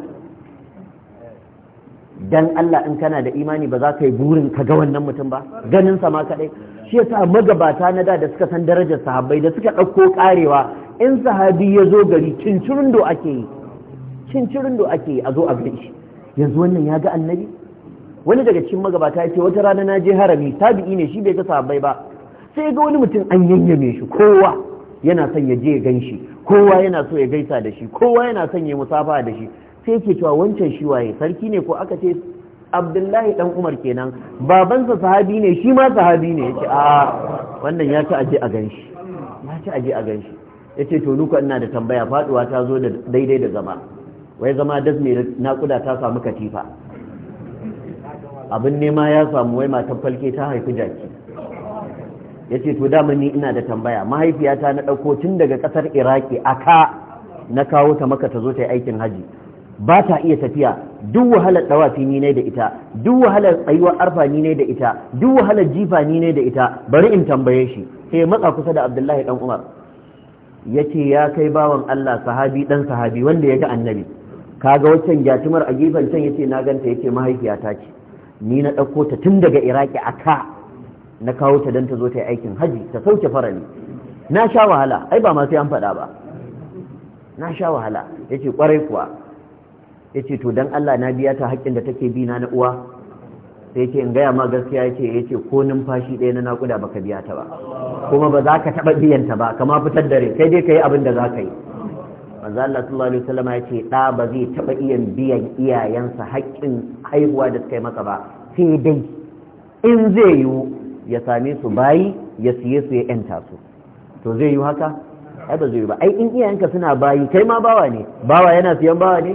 dan Allah in kana da imani ba za ka yi burin ka ga wannan mutum ba ganin sa ma kadai shi yasa magabata na da da suka san darajar sahabbai da suka ɗauko karewa in sahabi ya zo gari cincirin do ake yi cirin da ake a zo a gan shi yanzu wannan ya ga annabi wani daga cikin magabata ya ce wata rana na je harami tabi'i ne shi bai ga bai ba sai ga wani mutum an yanyame shi kowa yana son ya je ya gan shi kowa yana so ya gaisa da shi kowa yana son ya musafa da shi sai yake cewa wancan shi waye sarki ne ko aka ce abdullahi dan umar kenan babansa sahabi ne shi ma sahabi ne yace a wannan ya ci aje a gan shi ya ci aje a gan shi yace to ni ina da tambaya faduwa ta zo da daidai da zama wai zama das mai nakuda ta samu katifa abin nema ya samu wai matan falke ta haifi jaki ya ce to damar ni ina da tambaya mahaifiyata na ɗauko tun daga ƙasar iraki a ka na kawo ta maka ta zo ta yi aikin haji ba ta iya tafiya duk wahalar ɗawafi ni ne da ita duk wahalar tsayuwar arfa ni ne da ita duk wahalar jifa ni ne da ita bari in tambaye shi sai ya matsa kusa da abdullahi ɗan umar ya ce ya kai bawan allah sahabi ɗan sahabi wanda ya ga annabi kaga waccan gyatumar a gefen can yace na ganta yace mahaifiyata ce ni na ɗauko ta tun daga iraki a ka na kawo ta don ta zo ta yi aikin haji ta sauke farali na sha wahala ai ba masu yan faɗa ba na sha wahala yace kwarai kuwa yace to dan Allah na biya ta haƙƙin da take bi na na uwa sai yace in gaya ma gaskiya yace yace ko numfashi ɗaya na naƙuda baka biya ta ba kuma ba za ka taɓa biyan ta ba kama fitar da dare kai dai ka yi abin da za ka yi manzala Allah sallallahu alaihi wasallam ya ce da ba zai taba iya biyan iyayensa haƙƙin haihuwa da suka yi masa ba sai dai in zai yiwu ya same su bayi ya siye su ya yanta su to zai yiwu haka ai ba zai yiwu ba ai in iyayenka suna bayi kai ma bawa ne bawa yana siyan bawa ne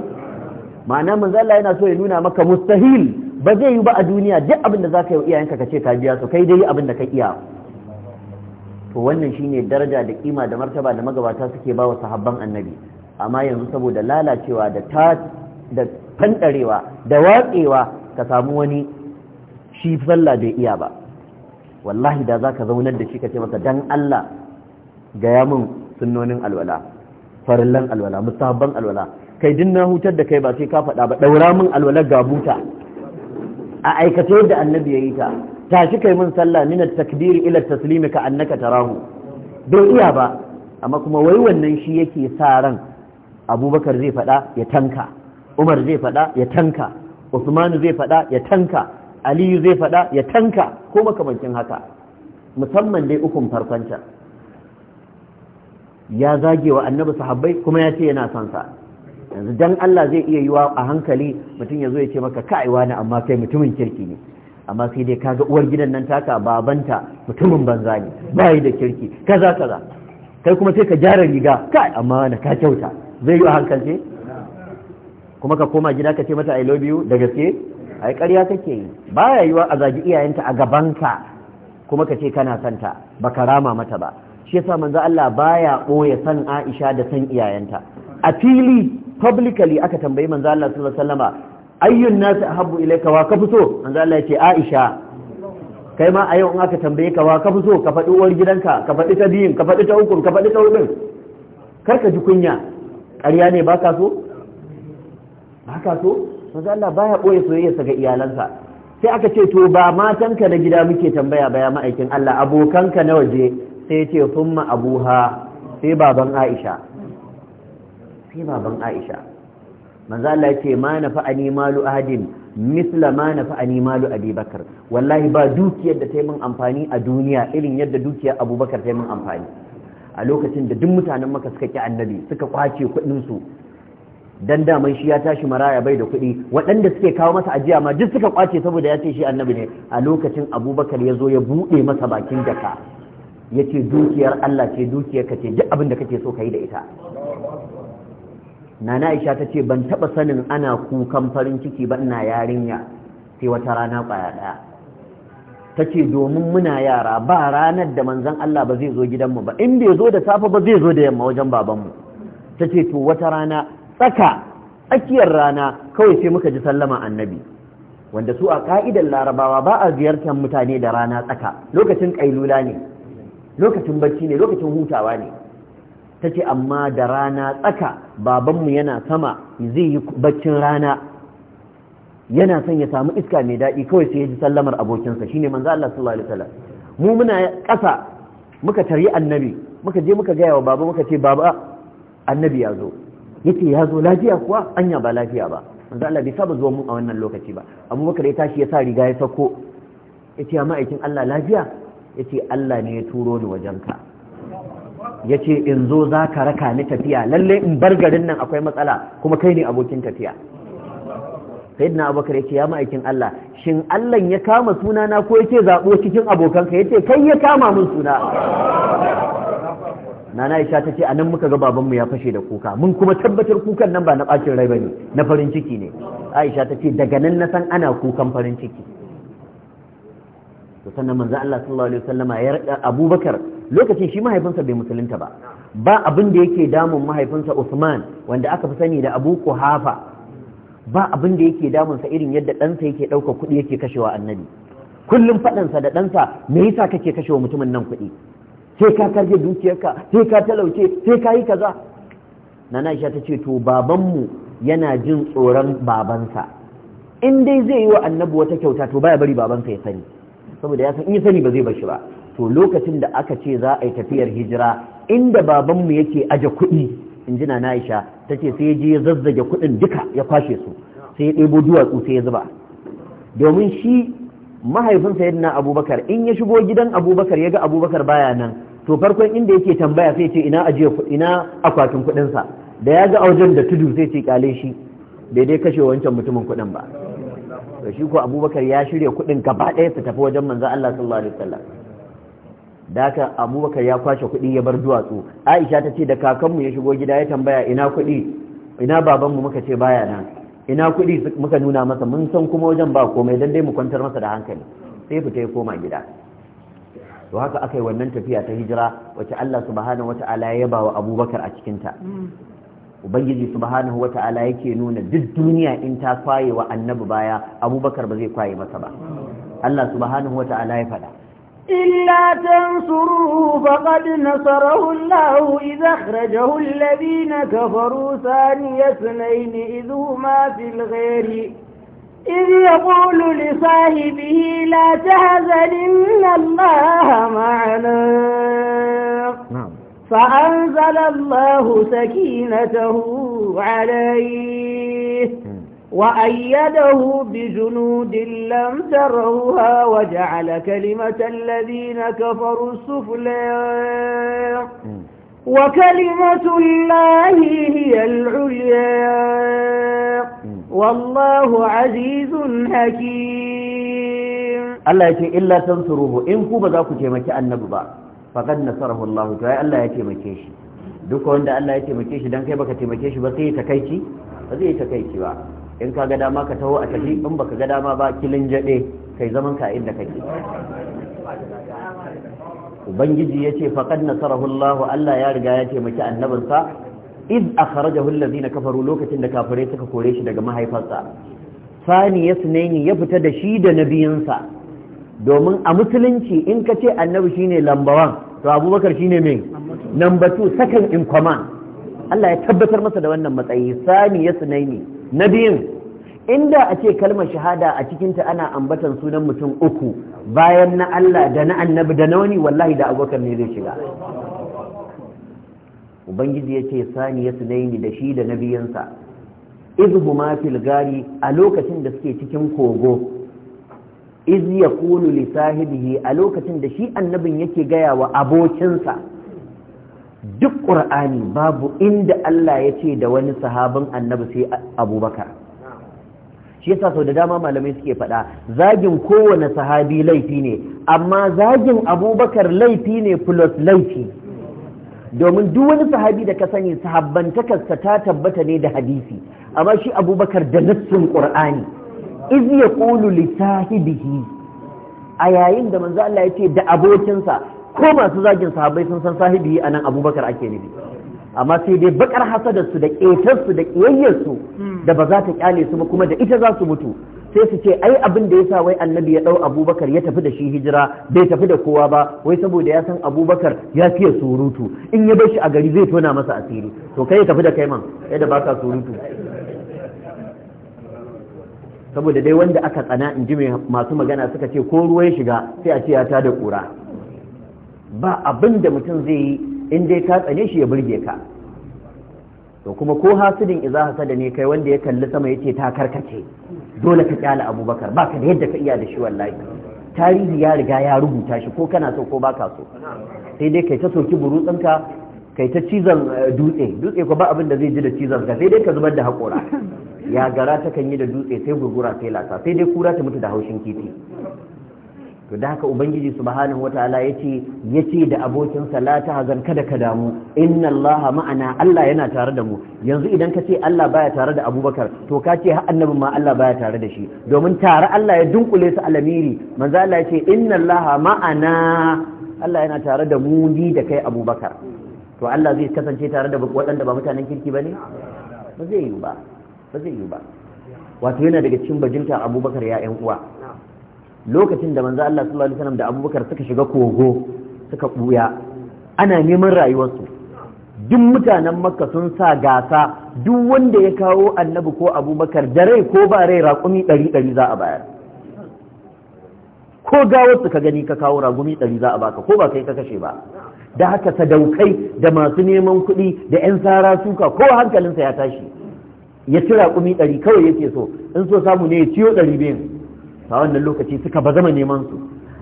ma'ana manzala yana so ya nuna maka mustahil ba zai yiwu ba a duniya duk abin da zaka yi wa iyayenka ka ce ka biya su kai dai abin da ka iya to wannan shine daraja da kima da martaba da magabata suke ba wa sahabban annabi amma yanzu saboda lalacewa da ta da fandarewa da watsewa ka samu wani shi sallah bai iya ba wallahi da zaka zaunar da shi ka ce masa dan Allah gaya min sunnonin alwala farillan alwala mustahabban alwala kai din na hutar da kai ba sai ka faɗa ba daura min alwala ga buta a aikace yadda annabi yayi ta tashi kai mun sallah min at-takbir ila at-taslim ka annaka tarahu bai iya ba amma kuma wai wannan shi yake sa ran abubakar zai faɗa ya tanka umar zai faɗa ya tanka usmanu zai faɗa ya tanka aliyu zai faɗa ya tanka ko makamancin haka musamman dai ukun farkonta ya zage wa annabi sahabbai kuma ya ce yana son sa yanzu dan Allah zai iya yiwa a hankali mutum ya zo ya ce maka kai wani amma kai mutumin kirki ne amma sai dai kaga uwar gidan nan taka babanta mutumin banza ne bai da kirki kaza kaza kai kuma sai ka gyara riga kai amma na ka kyauta zai yi a hankalce kuma ka koma gida ka ce mata i love you da gaske ai ƙarya kake yi baya yiwa a zagi iyayenta a gabanka kuma ka ce kana santa baka rama mata ba shi yasa manzo Allah baya ɓoye san Aisha da san iyayenta a fili publicly aka tambayi manzo Allah sallallahu alaihi wasallama ayyun habu ahabbu ilayka wa kafuso manzo Allah yace Aisha kai ma a yau in aka tambaye ka wa so, ka faɗi uwar gidanka ka faɗi ta biyun ka faɗi ta ukun ka faɗi ta hukun kar ka ji kunya ƙarya ne ba ka so ba ka so maza Allah baya ɓoye soyayyarsa ga iyalansa sai aka ce to ba matanka na gida muke tambaya ba ya ma'aikin Allah abokanka na waje sai ce summa abuha sai baban Aisha sai baban Aisha manzo Allah ce ma na fa'ani malu ahadin misla ma na fa'ani malu Abi wallahi ba dukiyar da ta yi min amfani a duniya irin yadda dukiyar Abubakar ta yi min amfani a lokacin da duk mutanen maka suka ki annabi suka kwace kuɗinsu dan daman shi ya tashi maraya bai da kuɗi waɗanda suke kawo masa ajiya ma duk suka kwace saboda ya ce shi annabi ne a lokacin abubakar ya zo ya buɗe masa bakin jaka ya ce dukiyar allah ce dukiyar ka ce duk abin da kake so ka yi da ita nana aisha ta ce ban taɓa sanin ana kukan farin ciki ba ina yarinya sai wata rana ƙwaya ɗaya ta domin muna yara ba ranar da manzan Allah ba zai zo gidanmu ba in bai zo da safe ba zai zo da yamma wajen babanmu ta ce to wata rana tsaka tsakiyar rana kawai sai muka ji sallama annabi wanda su a ka'idar larabawa ba a ziyartar mutane da rana tsaka lokacin ƙailula ne lokacin bacci ne lokacin hutawa ne ta ce amma da rana tsaka babanmu yana sama zai yi baccin rana yana son ya samu iska mai daɗi kawai sai ya ji sallamar abokinsa shine manzo Allah sallallahu alaihi wasallam mu muna ƙasa muka tari annabi muka je muka gaya wa baba muka ce baba annabi ya zo yace ya zo lafiya kuwa anya ba lafiya ba manzo Allah bai saba zuwa mu a wannan lokaci ba Abubakar ya tashi ya sa riga ya sako yace ya ma'aikin Allah lafiya yace Allah ne ya turo ni wajenka yace in zo zaka raka ni tafiya lalle in bar garin nan akwai matsala kuma kai ne abokin tafiya sayyidina abubakar yace ya ma'aikin Allah shin Allah ya kama suna na ko yake zabo cikin abokanka yace kai ya kama mun suna nana Aisha ta ce anan muka ga babanmu ya fashe da kuka mun kuma tabbatar kukan nan ba na bacin rai bane na farin ciki ne Aisha ta ce daga nan na san ana kukan farin ciki to sannan manzo Allah sallallahu alaihi wasallama ya Abubakar lokacin shi mahaifinsa bai musulunta ba ba abin da yake damun mahaifinsa Usman wanda aka fi sani da Abu Kuhafa ba abin da yake damunsa irin yadda ɗansa yake ɗauka kuɗi yake kashewa annabi kullum faɗansa da ɗansa me yasa kake kashewa mutumin nan kuɗi sai ka karje dukiyarka sai ka talauce sai ka yi kaza nana Aisha ta ce to babanmu yana jin tsoron babansa in dai zai yi wa annabi wata kyauta to baya bari babansa ya sani saboda ya san in ya sani ba zai bar shi ba to lokacin da aka ce za a yi tafiyar hijira inda babanmu yake aje kuɗi in jina na aisha ta ce sai je ya zazzage kuɗin duka ya kwashe su sai ya ɗebo duwatsu sai ya zuba domin shi mahaifinsa mahaifin na abubakar in ya shigo gidan abubakar ya ga abubakar baya nan to farkon inda yake tambaya sai ce ina ajiye ina akwatin kuɗinsa da ya ga wajen da tudu sai ce kyale shi bai dai kashe wancan mutumin kuɗin ba to shi ko abubakar ya shirya kuɗin gaba ɗaya su tafi wajen manzo Allah sallallahu alaihi wasallam da haka abubakar ya kwashe kuɗi ya bar duwatsu aisha ta ce da kakanmu ya shigo gida ya tambaya ina kuɗi ina babanmu muka ce baya nan ina kuɗi muka nuna masa mun san kuma wajen ba komai dan dai mu kwantar masa da hankali sai fita ya koma gida to haka aka yi wannan tafiya ta hijira wacce Allah subhanahu wata'ala ya yaba wa abubakar a cikinta ubangiji subhanahu wata'ala yake nuna duk duniya in ta kwaye wa annabi baya abubakar ba zai kwaye masa ba Allah subhanahu wata'ala ya faɗa
إلا تنصروه فقد نصره الله إذا أخرجه الذين كفروا ثاني اثنين إذ هما في الغير إذ يقول لصاحبه لا تهزل إن الله معنا نعم. فأنزل الله سكينته عليه وأيده بجنود لم تروها وجعل كلمة الذين كفروا السفلى وكلمة الله هي العليا والله عزيز حكيم
الله يكي إلا تنصروه إن كوبا ذاكو تيمكي النبو با فقد نصره الله تعالى الله يتيمكيش دوكو عند الله يتيمكيش دان كيبك تيمكيش بقية تكيتي بقية تكيتي با in ka ga dama ka taho a tafi in baka ga dama ba kilin jaɗe kai zaman ka inda kake ubangiji ya ce faƙad Hullahu Allah ya riga ya taimaki annabinsa iz akhrajahu allazina kafaru lokacin da kafirai suka kore shi daga mahaifarsa sani yasnaini ya fita da shi da nabiyinsa domin a musulunci in ka ce annabi shine lambawan to abubakar shine me. number 2 second in command Allah ya tabbatar masa da wannan matsayi sani yasnaini na biyun inda a ce kalmar shahada a cikinta ana ambatan sunan mutum uku bayan na Allah da na annabi da na wani wallahi da abokan ne zai shiga ubangiji ya ce sani ya ni da shi da nabiyansa izhuma fil gari a lokacin da suke cikin kogo iz yaqulu li sahibihi a lokacin da shi annabin yake gaya wa abokinsa duk ƙur'ani babu inda Allah ya ce da wani sahabin annabi sai abubakar shi yasa sau da dama malamai suke faɗa zagin kowane sahabi laifi ne amma zagin abubakar laifi ne plus laifi domin duk wani sahabi da ka sani sahabbantakarsa ta tabbata ne da hadisi amma shi abubakar da nassin ƙur'ani iz ya ƙulu li sahibihi a yayin da manzo Allah ya da abokinsa ko masu zagin sahabai sun san sahibi a nan abubakar ake nufi amma sai dai bakar hasadarsu da ƙetarsu da ƙiyayyarsu hmm. da ba za ta ƙyale su ba kuma da ita za su mutu sai su ce ai abin da ya sa wai annabi ya ɗau abubakar ya tafi da shi hijira bai tafi da kowa ba wai saboda ya san abubakar ya fiye surutu in ya bar shi a gari zai tona masa asiri to kai ya tafi da kai man yadda ba ka surutu saboda dai wanda aka tsana in ji masu magana suka ce ko ruwa ya shiga sai a ce ya tada kura ba abin da mutum zai yi in dai ka tsane shi ya burge ka to kuma ko hasidin iza hasada ne kai wanda ya kalli sama ya ce ta karkace dole ka kyala abubakar baka da yadda ka iya da shi wallahi tarihi ya riga ya rubuta shi ko kana so ko baka so sai dai kai ta soki burutsinka kai ta cizon eh, dutse dutse ko ba abin da zai ji da cizon ka sai dai ka zubar da haƙora ya gara ta kan yi da dutse sai gurgura sai lasa sai dai kura ta mutu da haushin kifi to da haka ubangiji subhanahu wataala yace yace da abokin salata hazan kada ka damu inna allaha ma'ana Allah yana tare da mu yanzu idan ka ce Allah baya tare da Abubakar to ka ce har annabin ma Allah baya tare da shi domin tare Allah ya dunkule su alamiri manzo Allah yace inna allaha ma'ana Allah yana tare da mu ni da kai Abubakar to Allah zai kasance tare da waɗanda ba mutanen kirki bane ba zai yi ba ba zai yi ba wato yana daga cikin bajinta Abubakar ya ƴan uwa lokacin da manzo Allah sallallahu alaihi wasallam da Abubakar suka shiga kogo suka buya ana neman rayuwarsu duk mutanen Makka sun sa gasa duk wanda ya kawo Annabi ko Abubakar da rai ko ba rai raƙumi ɗari ɗari za a bayar ko wasu ka gani ka kawo raƙumi ɗari za a baka ko ba kai ka kashe ba da haka sadaukai da masu neman kuɗi da ƴan sara suka ko hankalinsa ya tashi ya ci raƙumi ɗari kawai yake so in so samu ne ya ciyo ɗari biyu a wannan lokaci suka ba zama neman su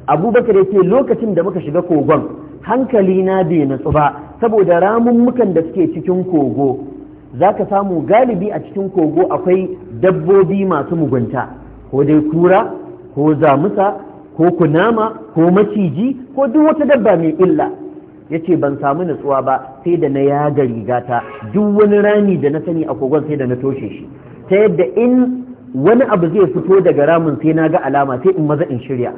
abubakar ya ce lokacin da muka shiga kogon hankali na bai natsu ba saboda ramummukan da suke cikin kogo za ka samu galibi a cikin kogo akwai dabbobi masu mugunta ko dai kura ko zamusa ko kunama ko maciji ko duk wata dabba mai illa ya ce ban samu natsuwa ba sai da na yaga rigata duk wani rani da na sani a kogon sai da na toshe shi ta yadda in wani abu zai fito daga ramin sai na ga alama sai in maza in shirya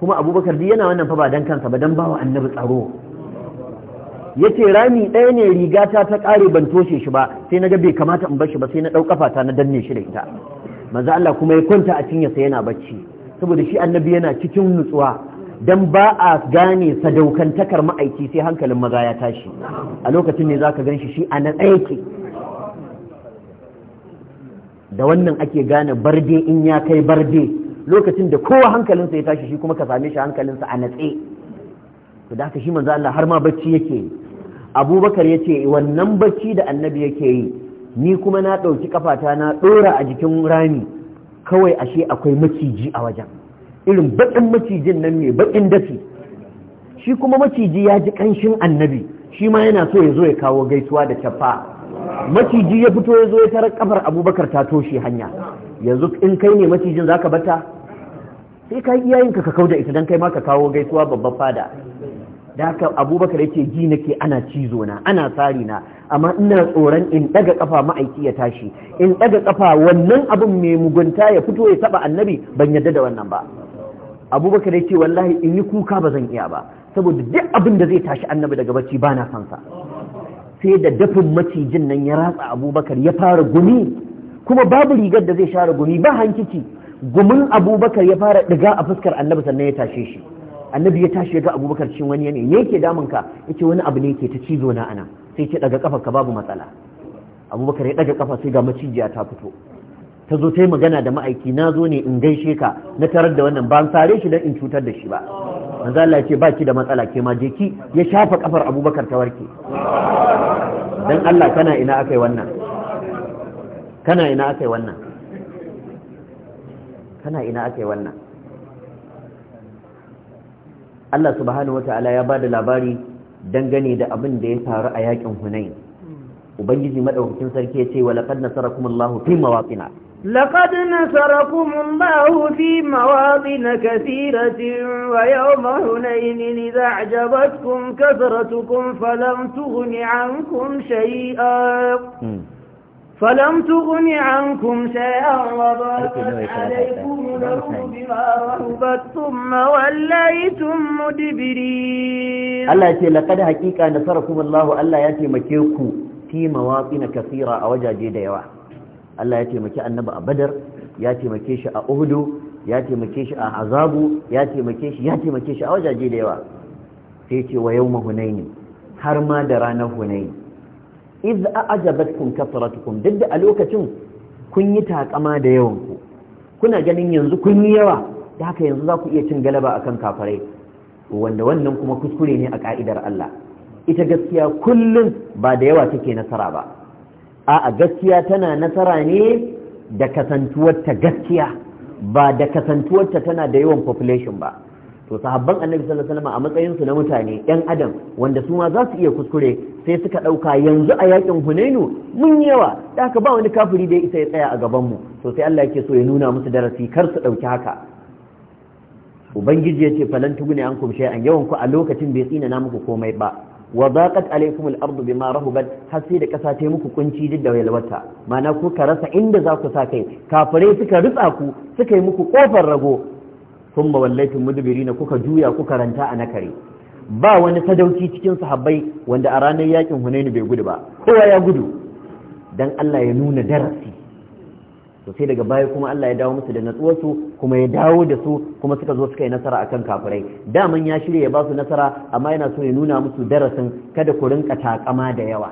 kuma abubakar duk yana wannan fa ba dan kansa ba dan bawa annabi tsaro yace rami ɗaya ne riga ta ta ƙare ban toshe shi ba sai na ga bai kamata in bar shi ba sai na ɗau fata na danne shi da ita manzo Allah kuma ya kwanta a sai yana bacci saboda shi annabi yana cikin nutsuwa dan ba a gane sadaukantakar ma'aiki sai hankalin maza ya tashi a lokacin ne zaka gan shi shi a nan aiki da wannan ake gane barde in ya kai barde lokacin da kowa hankalinsa ya tashi shi kuma ka same shi hankalinsa a natse to da haka shi manzo Allah har ma bacci yake Abubakar ya ce wannan bacci da annabi yake yi ni kuma na ɗauki kafata na ɗora a jikin rami kawai ashe akwai maciji a wajen irin baƙin macijin nan ne baƙin dafi shi kuma maciji ya ji ƙanshin annabi shi ma yana so ya zo ya kawo gaisuwa da cafa maciji ya fito ya zo ya tarar kafar abubakar ta toshe hanya yanzu in kai ne macijin zaka bata sai ka yi ka da ita don kai ma ka kawo gaisuwa babban fada da haka abubakar yake ji nake ana cizo na ana tsari na amma ina tsoron in daga kafa ma'aiki ya tashi in daga kafa wannan abin mai mugunta ya fito ya taba annabi ban yadda da wannan ba abubakar yake wallahi in yi kuka ba zan iya ba saboda duk abin da zai tashi annabi daga bacci bana na son sa
sai da dafin
macijin nan ya ratsa abubakar ya fara gumi kuma babu rigar da zai share gumi ba hankici gumin abubakar ya fara ɗiga a fuskar annabi sannan ya tashe shi annabi ya tashe ya ga abubakar cin wani yanayi ne yake damun ka yace wani abu ne ke ta cizo na ana sai ce daga kafa ka babu matsala abubakar ya daga kafa sai ga macijiya ta fito ta zo ta yi magana da ma'aiki na zo ne in gaishe ka na tarar da wannan ban sare shi don in cutar da shi ba manzo Allah ce baki da matsala ke ma jeki ya shafa kafar Abubakar ta warke dan Allah kana ina akai wannan kana ina akai wannan kana ina akai wannan Allah subhanahu wata'ala ya bada labari dangane da abin da ya faru a yakin Hunain Ubangiji madaukakin sarki ya ce wa laqad nasarakumullahu fi mawaqina
لقد نصركم الله في مواطن كثيرة ويوم هنين إذا أعجبتكم كثرتكم فلم تغن عنكم شيئا فلم تغن عنكم شيئا وضاقت عليكم له بما رهبت ثم وليتم مدبرين
الله يتي لقد حقيقة نصركم الله الله يتي مكيكو في مواطن كثيرة أوجاجي ديوان Allah ya taimaki annabi a badar ya taimake shi a uhudu ya taimake shi a azabu ya taimake shi ya taimake shi a wajaje da yawa sai ce wa yawma hunaini har ma da ranar hunaini idh a'jabatkum kathratukum duk da a lokacin kun yi takama da yawan ku kuna ganin yanzu kun yi yawa da haka yanzu za ku iya cin galaba akan kafarai wanda wannan kuma kuskure ne a ka'idar Allah ita gaskiya kullum ba da yawa take nasara ba a'a gaskiya tana nasara ne da kasantuwarta gaskiya ba da kasantuwarta tana da yawan population ba to sahabban annabi sallallahu alaihi wasallam a matsayin su na mutane yan adam wanda su ma za su iya kuskure sai suka dauka yanzu a yakin Hunainu mun yawa da haka ba wani kafiri da isa ya tsaya a gaban mu to sai Allah yake so ya nuna musu darasi kar su dauki haka ubangiji yace falan tugune an kum an yawan ku a lokacin bai tsina na muku komai ba wa baqat alaykum al-ardu bima rahabat har sai da kasa ta muku kunci duk da yalwata ma'ana ku ka rasa inda za ku sa kai kafare suka ritsa ku suka yi muku kofar rago kuma wallahi mudbirina kuka juya kuka ranta a nakare ba wani sadauki cikin sahabbai wanda a ranar yakin Hunainu bai gudu ba kowa ya gudu dan Allah ya nuna darasi to sai daga baya kuma Allah ya dawo musu da su. kuma ya dawo da su kuma suka zo suka yi nasara a akan kafirai daman ya shirya ya ba su nasara amma yana so ya nuna musu darasin kada ku rinka takama da yawa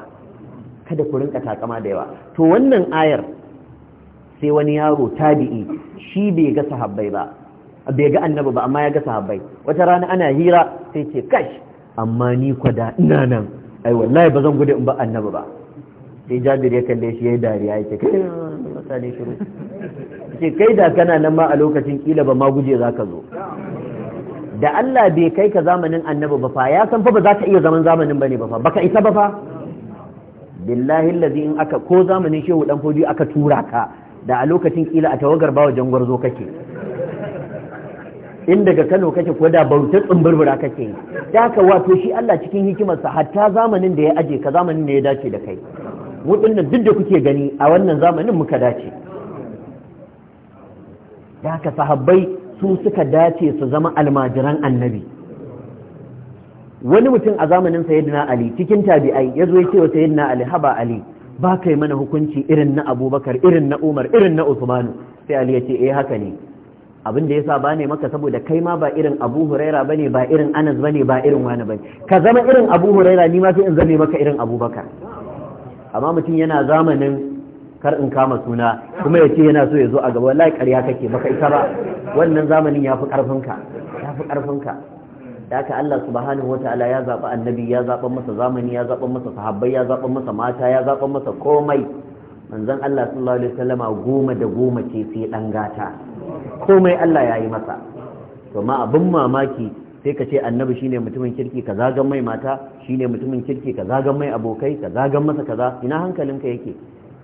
kada ku rinka takama da yawa to wannan ayar sai wani yaro tabi'i shi bai ga sahabbai ba bai ga annabi ba amma ya ga sahabbai wata rana ana hira sai ce kash amma ni kwada ina nan ai wallahi ba zan gode in ba annabi ba sai jabir ya kalle shi ya dariya ya ce kai mutane shiru ce kai da kana nan ma a lokacin kila ba ma guje za ka zo da Allah bai kai ka zamanin annabi ba fa ya san fa ba za ka iya zaman zamanin bane ba fa baka isa ba fa billahi allazi in aka ko zamanin shehu dan fodi aka tura ka da a lokacin kila a tawagar bawa jangwar zo kake in daga Kano kake ko da bautar tsumburbura kake yi da haka wato shi Allah cikin hikimarsa hatta zamanin da ya aje ka zamanin da ya dace da kai mu duk da kuke gani a wannan zamanin muka dace da haka sahabbai su suka dace su zama almajiran annabi wani mutum a zamanin sayyidina ali cikin tabi'ai ya zo ya ce wa sayyidina ali haba ali ba kai mana hukunci irin na abubakar irin na umar irin na usmanu sai ali ya ce eh haka ne abin da yasa bane maka saboda kai ma ba irin abu huraira bane ba irin anas bane ba irin wani bane ka zama irin abu huraira ni ma sai in zame maka irin abubakar amma mutum yana zamanin kar in kama suna kuma ya ce yana so ya zo a gaba wallahi ƙarya kake baka isa ba wannan zamanin ya fi ƙarfinka ya fi ƙarfinka da aka Allah subhanahu wata'ala ya zaɓi annabi ya zaɓa masa zamani ya zaɓa masa sahabbai ya zaɓa masa mata ya zaɓa masa komai manzon Allah sallallahu alaihi wasallama goma da goma ce sai dan gata komai Allah ya yi masa to ma abin mamaki sai ka ce annabi shine mutumin kirki ka zagan mai mata shine mutumin kirki ka zagan mai abokai ka zagan masa kaza ina hankalinka yake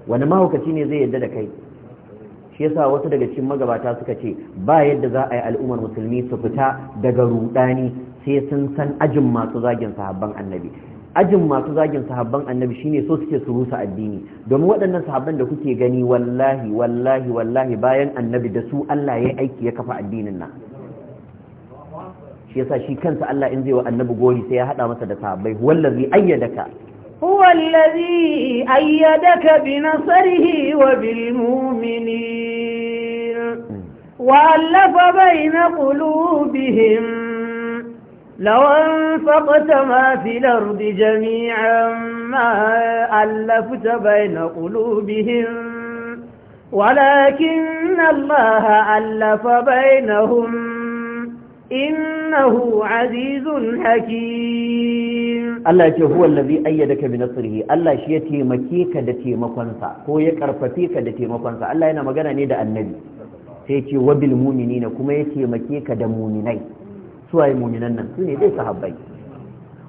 wani mahaukaci ne zai yadda da kai shi yasa wasu daga cikin magabata suka ce ba yadda za a yi al'ummar musulmi su fita daga rudani sai sun san ajin masu zagin sahabban annabi ajin masu zagin sahabban annabi shine so suke su rusa addini domin waɗannan sahabban da kuke gani wallahi wallahi wallahi bayan annabi da su Allah ya aiki ya kafa addinin nan shi yasa shi kansa Allah in zai wa annabi gori sai ya hada masa da sahabbai wallazi ayyadaka
هو الذي أيدك بنصره وبالمؤمنين وألف بين قلوبهم لو أنفقت ما في الأرض جميعا ما ألفت بين قلوبهم ولكن الله ألف بينهم إنه عزيز حكيم Allah ya ce huwa
allazi ayyadaka bi nasrihi Allah shi ya taimake ka da taimakonsa ko ya karfafe ka da taimakonsa Allah yana magana ne da annabi sai ce wa bil mu'minina kuma ya taimake ka da mu'minai su waye mu'minan nan su ne dai sahabbai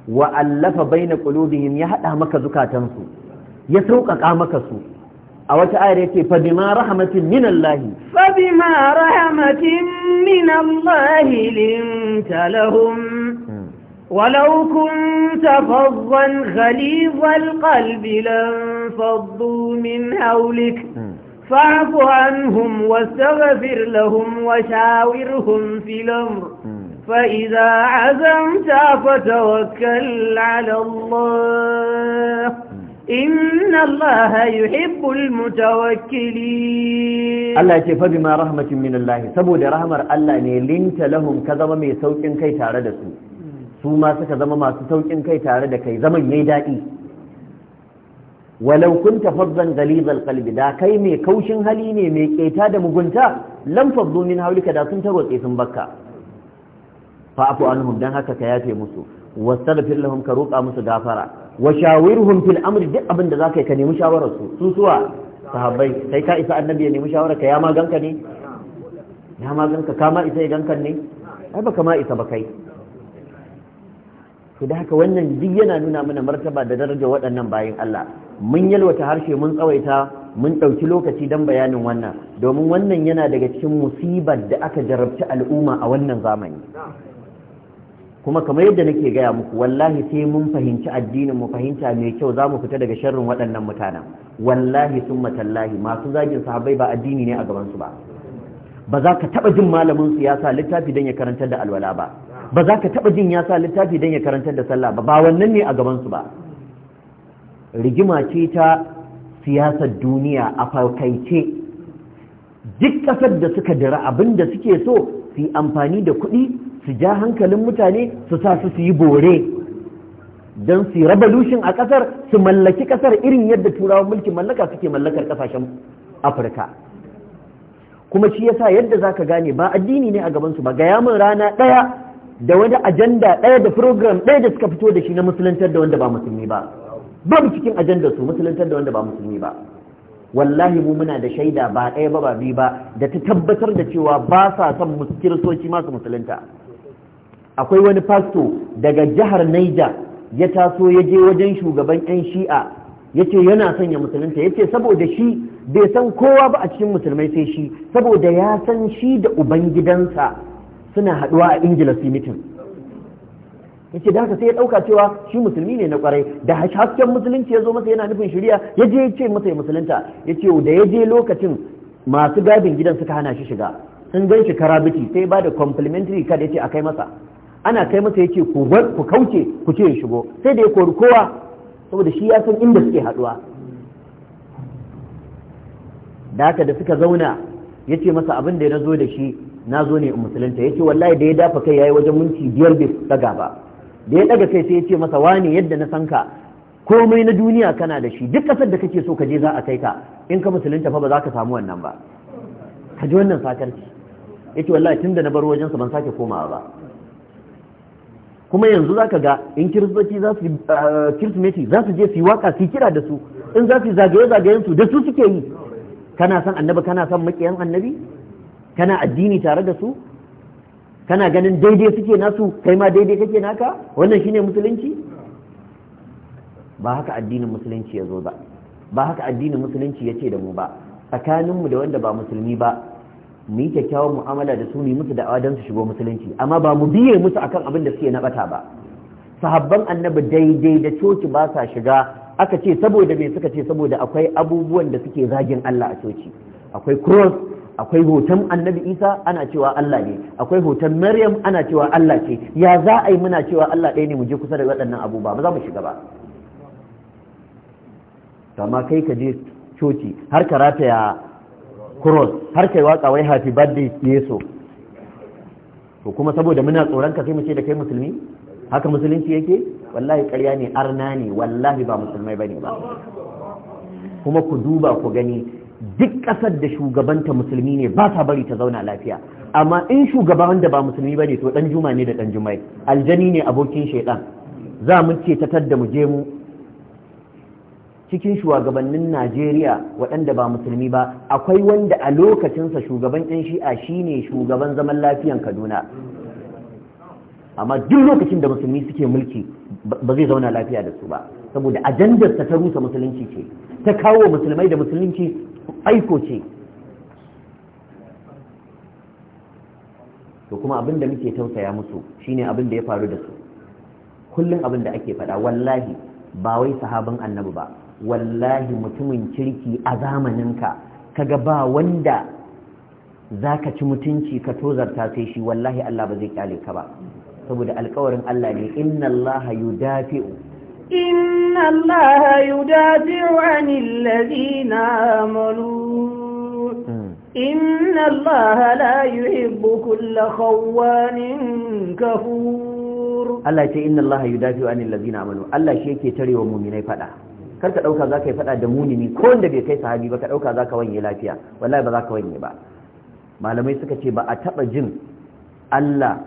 wa allafa baina qulubihim ya hada maka zukatansu ya sauƙaƙa maka su a wata ayar yace fa bima rahmatin min Allah
fa bima rahmatin min Allah ولو كنت فظا غليظ القلب لانفضوا من حولك فاعف عنهم واستغفر لهم وشاورهم في الأمر فإذا عزمت فتوكل على الله إن الله يحب المتوكلين
الله يقول فبما رحمة من الله سبود رحمة الله لنت لهم كذب من سوء كي تاردسوا su ma suka zama masu saukin kai tare da kai zaman yayi daɗi walau kunta fazzan ghalizal qalbi da kai mai kaushin hali ne mai keta da mugunta lam faddu min hawlika da sun tarwatse sun bakka afu anhum dan haka ka yafe musu wastaghfir lahum ka roƙa musu gafara wa shawirhum fil amri duk abin da zaka ka nemi shawarar su su suwa sahabbai Sai ka isa annabi ya nemi shawarar ka ya ma ganka ne ya ma ganka ka ma isa ya ganka ne ai baka ma isa ba kai su da haka wannan duk yana nuna mana martaba da daraja waɗannan bayan Allah mun yalwata harshe mun tsawaita mun ɗauki lokaci don bayanin wannan domin wannan yana daga cikin musibar da aka jarabci al'umma a wannan zamani kuma kamar yadda nake gaya muku wallahi sai mun fahimci addinin mu fahimta mai kyau za mu fita daga sharrin waɗannan mutanen wallahi sun matallahi masu zagin sahabai ba addini ne a gabansu ba ba za ka taɓa jin malamin siyasa littafi don ya karantar da alwala ba ba za ka taɓa jin ya sa littafi don ya karantar da sallah ba ba wannan ne a gabansu ba rigima ce ta siyasar duniya a farkaice duk ƙasar da suka dira abin da suke so su yi amfani da kuɗi su ja hankalin mutane su sa su yi bore don su yi revolution a ƙasar su mallaki ƙasar irin yadda turawan mulkin mallaka suke mallakar ƙasashen afirka kuma shi yasa yadda za ka gane ba addini ne a gabansu ba gaya min rana ɗaya da wani ajanda ɗaya da program ɗaya da suka fito da shi na musulantar da wanda ba musulmi ba babu cikin ajanda su musulantar da wanda ba musulmi ba wallahi mu muna da shaida ba ɗaya ba ba biyu ba da ta tabbatar da cewa ba sa son kiristoci masu musulunta akwai wani fasto daga jihar Niger ya taso ya je wajen shugaban 'yan shi'a ya ce yana son ya musulunta ya ce saboda shi bai san kowa ba a cikin musulmai sai shi saboda ya san shi da ubangidansa suna haɗuwa a ingila su mitin yace da haka sai ya ɗauka cewa shi musulmi ne na kwarai da hasken musulunci ya zo masa yana nufin shari'a ya je ya ce masa ya musulunta ya ce da ya je lokacin masu gadin gidan suka hana shi shiga sun gan shi karabiti sai ba da complimentary card ya ce a kai masa ana kai masa ya ce ku kauce ku ce ya shigo sai da ya kori kowa saboda shi ya san inda suke haɗuwa da haka da suka zauna ya ce masa abin da ya zo da shi na zo ne in musulunta yake wallahi da ya dafa kai yayi wajen minti biyar bai daga ba da ya daga kai sai ya ce masa wani yadda na san ka komai na duniya kana da shi duk kasar da kake so ka je za a kai ka in ka musulunta fa ba za ka samu wannan ba ka ji wannan sakarci yake wallahi tunda na bar wajen sa ban sake komawa ba kuma yanzu za ka ga in kiristoci za su ah, je su yi waka su kira da su in za su zagaye zagayen su da su suke yi kana son annabi kana san makiyan annabi kana addini tare da su kana ganin daidai suke nasu kai ma daidai kake naka wannan shine musulunci ba haka addinin musulunci ya zo ba ba haka addinin musulunci ya ce da mu ba tsakaninmu da wanda ba musulmi ba mu yi kyakkyawar mu'amala da su mu musu da'awa don su shigo musulunci amma ba mu biye musu akan abin da suke nabata ba sahabban annabi daidai da coci ba sa shiga aka ce saboda me suka ce saboda akwai abubuwan da suke zagin Allah a coci akwai cross akwai hoton annabi isa ana cewa allah ne akwai hoton maryam ana cewa allah ce ya za a yi muna cewa allah ɗaya ne mu je kusa da waɗannan abubuwa ba za mu shiga ba amma kai ka je coci har ka rataya cross har kai watsa wai happy birthday yeso to kuma saboda muna tsoron ka sai mu ce da kai musulmi haka musulunci yake wallahi karya ne arna ne wallahi ba musulmai bane ba kuma ku duba ku gani duk ƙasar da shugabanta musulmi ne ba sa bari ta zauna lafiya amma in shugaba da ba musulmi ba ne to ɗan juma ne da ɗan jumai aljani ne abokin shaiɗan za mu ce ta tadda mu je mu cikin shugabannin najeriya waɗanda ba musulmi ba akwai wanda a lokacinsa shugaban yan shi'a shine shugaban zaman lafiyan kaduna amma duk lokacin da musulmi suke mulki ba zai zauna lafiya da su ba saboda ajandarsa ta rusa musulunci ce ta kawo musulmai da musulunci aiko ce to kuma abinda da muke tausaya musu shine abin da ya faru da su kullum abinda ake faɗa wallahi ba wai sahabin annabi ba wallahi mutumin kirki a zamanin ka kaga ba wanda zaka ci mutunci ka tozarta sai shi wallahi Allah ba zai kyale ka ba saboda alkawarin Allah ne inna Allah yudafi'u
إن الله يدافع عن الذين آمنوا إن الله لا يحب كل خوان كفور
الله يتي إن الله يدافع عن الذين آمنوا الله شيء يتري ومؤمنين فلا kar ka ɗauka za ka yi faɗa da munini ko wanda bai kai sahabi ba ka ɗauka za ka wanye lafiya wallahi ba za ka wanye ba malamai suka ce ba a taɓa jin Allah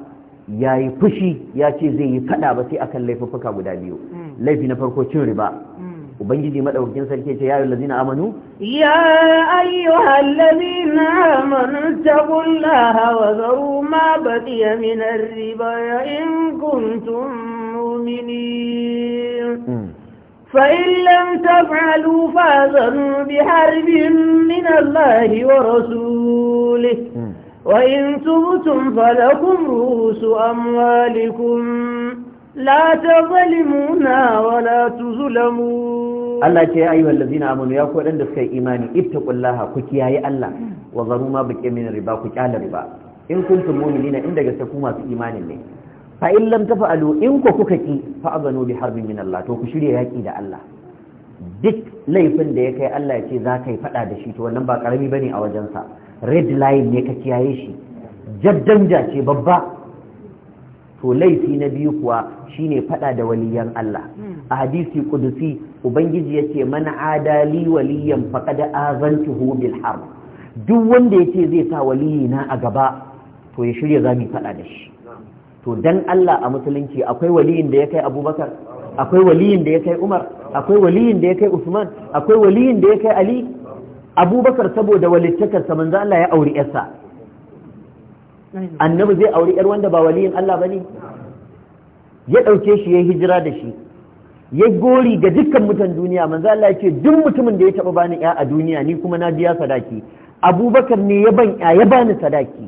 ya yi fushi ya ce zai yi fada ba sai akan laifuffuka guda biyu mm. laifi na farko cin riba mm. ubangiji madaukakin sarki ce ya yi lazina amanu
ya ayyuha lazina amanu taqullaha wa zaru ma baqiya min ar-riba in kuntum mu'minin فإن لم تفعلوا فاذنوا بحرب من الله ورسوله وإن تبتم فلكم رؤوس أموالكم لا تظلمون ولا تظلمون
الله يا أيها الذين آمنوا يا أخوة عندك إيماني اتقوا الله كتياي الله وذروا ما بك من الربا كتيال الربا إن كنتم مؤمنين عندك سكوما في إيمان الله فإن لم تفعلوا إن كوككي فأظنوا بحرب من الله توكشري هكي دا الله duk laifin da ya kai Allah ya ce za ka yi fada da shi to wannan ba karami bane a wajensa red line ne ka kiyaye shi jaddan jace babba to laifi na biyu kuwa shine fada da waliyan Allah a hadisi kudusi ubangiji yace man adali waliyan faqad azantuhu bil harb duk wanda yace zai sa waliyi na a gaba to ya shirya zami fada da shi to dan Allah a musulunci akwai waliyin da ya kai Abubakar akwai waliyin da ya kai Umar akwai waliyin da ya kai Usman akwai waliyin da ya kai Ali abubakar saboda walittakarsa manzo Allah ya auri yarsa annabi zai auri yar wanda ba waliyin Allah ne? ya ɗauke shi ya hijira da shi ya gori ga dukkan mutan duniya manzo Allah ya ce duk mutumin da ya taba bani ya a duniya ni kuma na biya sadaki abubakar ne ya ban ya bani sadaki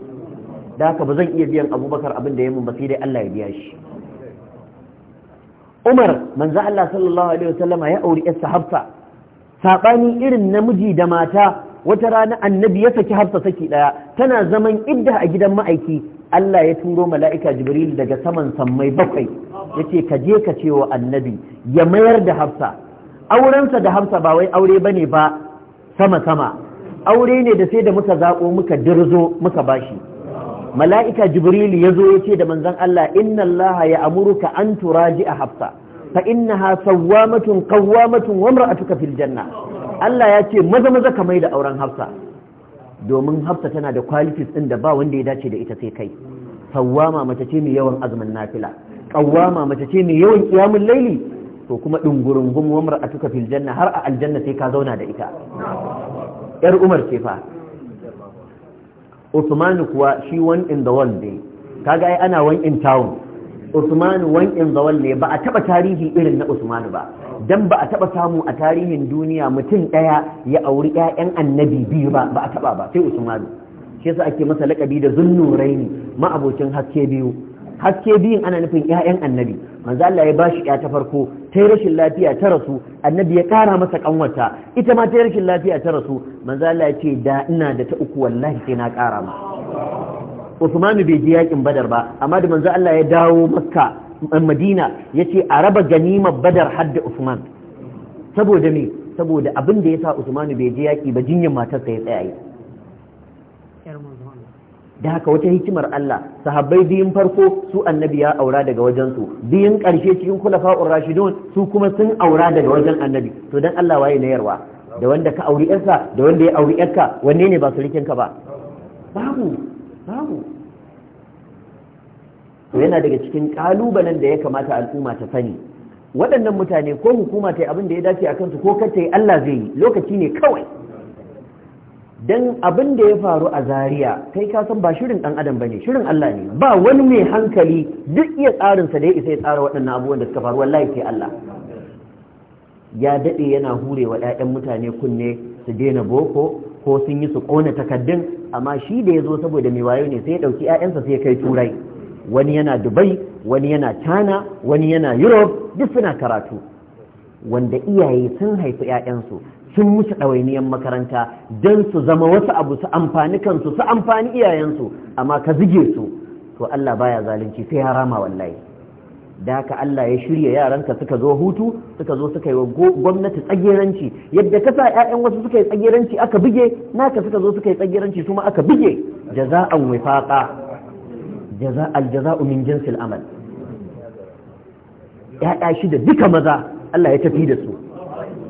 da haka ba zan iya biyan abubakar abin da ya mun ba sai dai Allah ya biya shi Umar manzo Allah sallallahu alaihi wasallama ya auri yar sahabta saɓani irin namiji da mata wata rana annabi ya saki hafsa saki ɗaya tana zaman idda a gidan ma'aiki Allah ya turo mala'ika Jibril daga saman sammai bakwai ya ce ka je ka wa annabi ya mayar da hafsa aurensa da hafsa ba wai aure ba ne ba sama-sama aure ne da sai da muka zaƙo muka dirzo muka bashi mala'ika Jibril ya zo ya ce da manzon Allah inna Allah ya amuruka an turaji a hafsa fa innaha sawwamatun qawwamatun wa imra'atuka fil janna Allah ya ce maza maza ka mai da auren Hafsa domin Hafsa tana da qualities ɗin da ba wanda ya dace da ita sai kai sawwama mace ce mai yawan azumin nafila qawwama mace ce mai yawan qiyamul laili to kuma dungurungum wa imra'atuka fil janna har a aljanna sai ka zauna da ita yar Umar ce fa Uthman kuwa shi one in the one day kaga ai ana one in town Usmanu wankin zawal ne ba a taba tarihi irin na Usmanu ba dan ba a taba samu a tarihin duniya mutum daya ya auri ƴaƴan annabi biyu ba ba a taba ba sai Usmanu shi yasa ake masa lakabi da zunnuraini ma'abocin haske biyu haske biyun ana nufin ƴaƴan annabi manzo Allah ya bashi ƴa ta farko ta rashin lafiya ta rasu annabi ya kara masa kanwata ita ma ta rashin lafiya ta rasu manzo Allah ya ce da ina da ta uku wallahi sai na kara ma Usmanu bai je yakin Badar ba amma da manzo Allah ya dawo Makka Madina yace a raba ganimar Badar hadda Usman saboda me saboda abin da yasa Usmanu bai je yaki ba jinyar matarsa ya tsaya da haka wata hikimar Allah sahabbai biyun farko su annabi ya aura daga wajensu biyun karshe cikin kulafa'ur rashidun su kuma sun aura daga wajen annabi to dan Allah waye na yarwa da wanda ka auri yarsa da wanda ya auri yarka wanne ne ba su ka ba
babu babu
to yana daga cikin kalubalen da ya kamata al'umma ta sani waɗannan mutane ko hukuma ta yi abin da ya dace a kansu ko kar ta yi Allah zai yi lokaci ne kawai dan abin da ya faru a Zaria kai ka san ba shirin dan adam bane shirin Allah ne ba wani mai hankali duk iya tsarin sa da ya isa ya tsara waɗannan abubuwan da suka faru wallahi sai Allah ya dade yana hure wa ɗayan mutane kunne su daina boko ko sun yi su kona takaddun amma shi da ya zo saboda mai wayo ne sai ya ɗauki ƴaƴansa sai ya kai turai wani yana dubai wani yana china wani yana europe duk suna karatu wanda iyaye sun haifi 'ya'yansu sun musu ɗawainiyar makaranta don su zama wasu abu su amfani kansu su amfani iyayensu amma ka zige su to Allah baya zalunci sai harama wallahi da haka Allah ya shirya yaranka suka zo hutu suka zo suka yi wa gwamnati tsageranci yadda ka sa 'ya'yan wasu suka yi tsageranci aka buge naka suka zo suka yi tsageranci su ma aka buge jaza'an wifaqa aljaza'u min jinsil amal ya shi da duka maza Allah ya tafi da su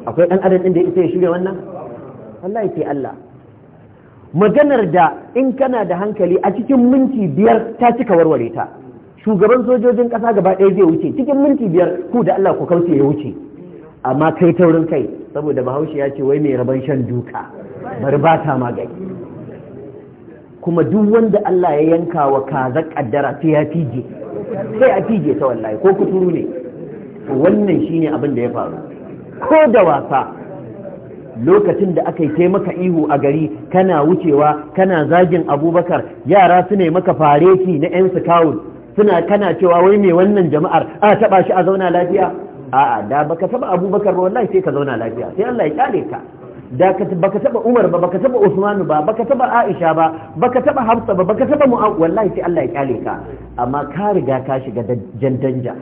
akwai ɗan adam ɗin da ita ya wannan Allah ya Allah maganar da in kana da hankali a cikin minti biyar ta cika warware ta shugaban sojojin ƙasa gaba ɗaya zai wuce cikin minti biyar ku da Allah ku kauce ya wuce amma kai taurin kai saboda bahaushe ya ce wai mai rabon shan duka bar ba ta magani kuma duk wanda Allah ya yanka wa kaza kaddara sai ya fije sai a fije ta wallahi ko kuturu ne wannan shine abin da ya faru ko da wasa lokacin da aka yi kai maka ihu a gari kana wucewa kana zagin abubakar yara su ne maka fareti na 'yan sikawun suna kana cewa wai mai wannan jama'ar a taba shi a zauna lafiya a'a da baka taba abubakar ba wallahi sai ka zauna lafiya sai Allah ya kyale ka da baka taba Umar ba baka taba Usman ba baka taba Aisha ba baka taba Hafsa ba baka taba Mu'awiyah wallahi sai Allah ya kyale ka amma ka riga ka shiga jan danja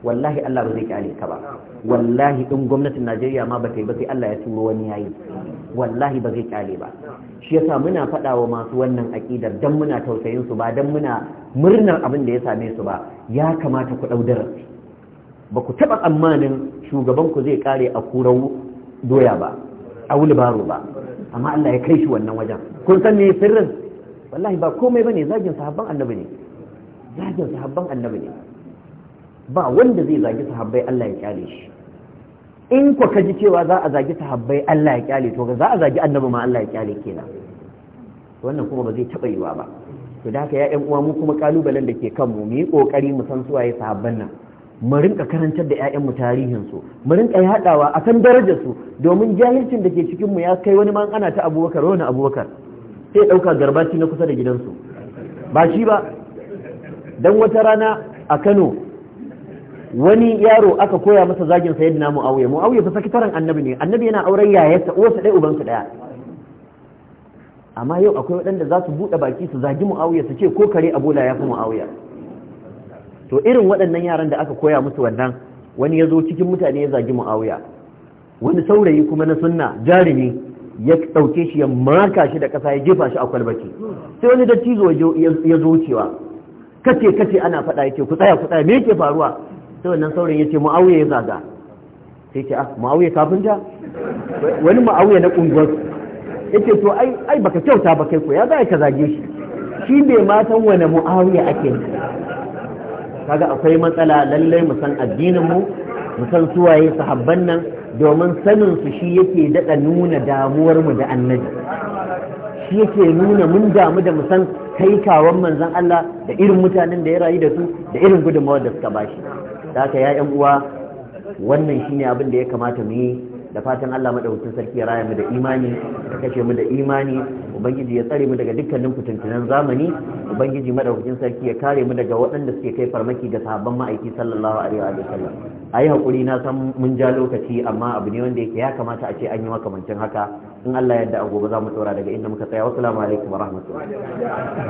wallahi Allah ba zai kyale ka ba wallahi in gwamnatin Najeriya ma ba ta yi ba sai Allah ya turo wani yayi wallahi ba zai kyale ba shi yasa muna faɗa wa masu wannan aƙidar dan muna tausayin su ba dan muna murnar abin da ya same su ba ya kamata ku ɗaudara ba ku taɓa tsammanin shugaban ku zai kare a kurar doya ba a wuli baro ba amma Allah ya kai shi wannan wajen kun san me sirrin wallahi ba komai bane zagin sahabban annabi ne zagin sahabban annabi ne ba wanda zai zagi sahabbai Allah ya kyale shi in ku kaji cewa za a zagi sahabbai Allah ya kyale to za a zagi annabi ma Allah ya kyale kenan wannan kuma ba zai taba yiwa ba to da haka ya ƴan uwa mu kuma kalubalen da ke kanmu mu yi kokari mu san suwaye sahabban nan mu rinka karantar da 'ya'yanmu tarihinsu mu rinka yaɗawa a kan darajarsu domin jahilcin da ke cikinmu ya kai wani man ana ta abubakar wani abubakar sai ɗauka garbaci na kusa da gidansu ba shi ba don wata rana a kano wani yaro aka koya masa zagin sayid na mu mu'auye fa sakitaren annabi ne annabi yana auren yayarsa uwarsa ɗaya ubansa ɗaya amma yau akwai waɗanda za su buɗe baki su zagi mu'auye su ce ko kare abola ya fi mu'auya to irin waɗannan yaran da aka koya musu wannan wani ya zo cikin mutane ya zagi mu'awiya wani saurayi kuma na sunna jarumi ya ɗauke shi ya maka shi da ƙasa ya jefa shi a kwalbaki sai wani dattijo ya zo cewa kace kace ana faɗa yake ku tsaya ku tsaya me yake faruwa sai wannan saurayi ya ce mu'awiya ya zaga sai ce ah mu'awiya kafinta wani mu'awiya na ƙungwar yace to ai ai baka kyauta ba kai ko ya za ka zage shi shi bai matan wani mu'awiya ake kaga akwai matsala lallai mu san addinin mu mu san suwaye sahabban nan domin sanin su shi yake daɗa nuna damuwar mu da annabi shi yake nuna mun damu da mu san kai manzon Allah da irin mutanen da ya rayu da su da irin gudunmawar da suka bashi da haka ya uwa wannan shine abin da ya kamata mu yi da fatan Allah madaukakin sarki ya raya mu da imani ya kashe mu da imani ubangiji ya tsare mu daga dukkanin fitintunan zamani ubangiji madaukakin sarki ya kare mu daga waɗanda suke kai farmaki ga sahabban ma'aiki sallallahu alaihi wa sallam ayi hakuri na san mun ja lokaci amma abu ne wanda yake ya kamata a ce an yi makamancin haka in Allah ya a gobe za mu tsora daga inda muka tsaya wassalamu alaikum wa
rahmatullahi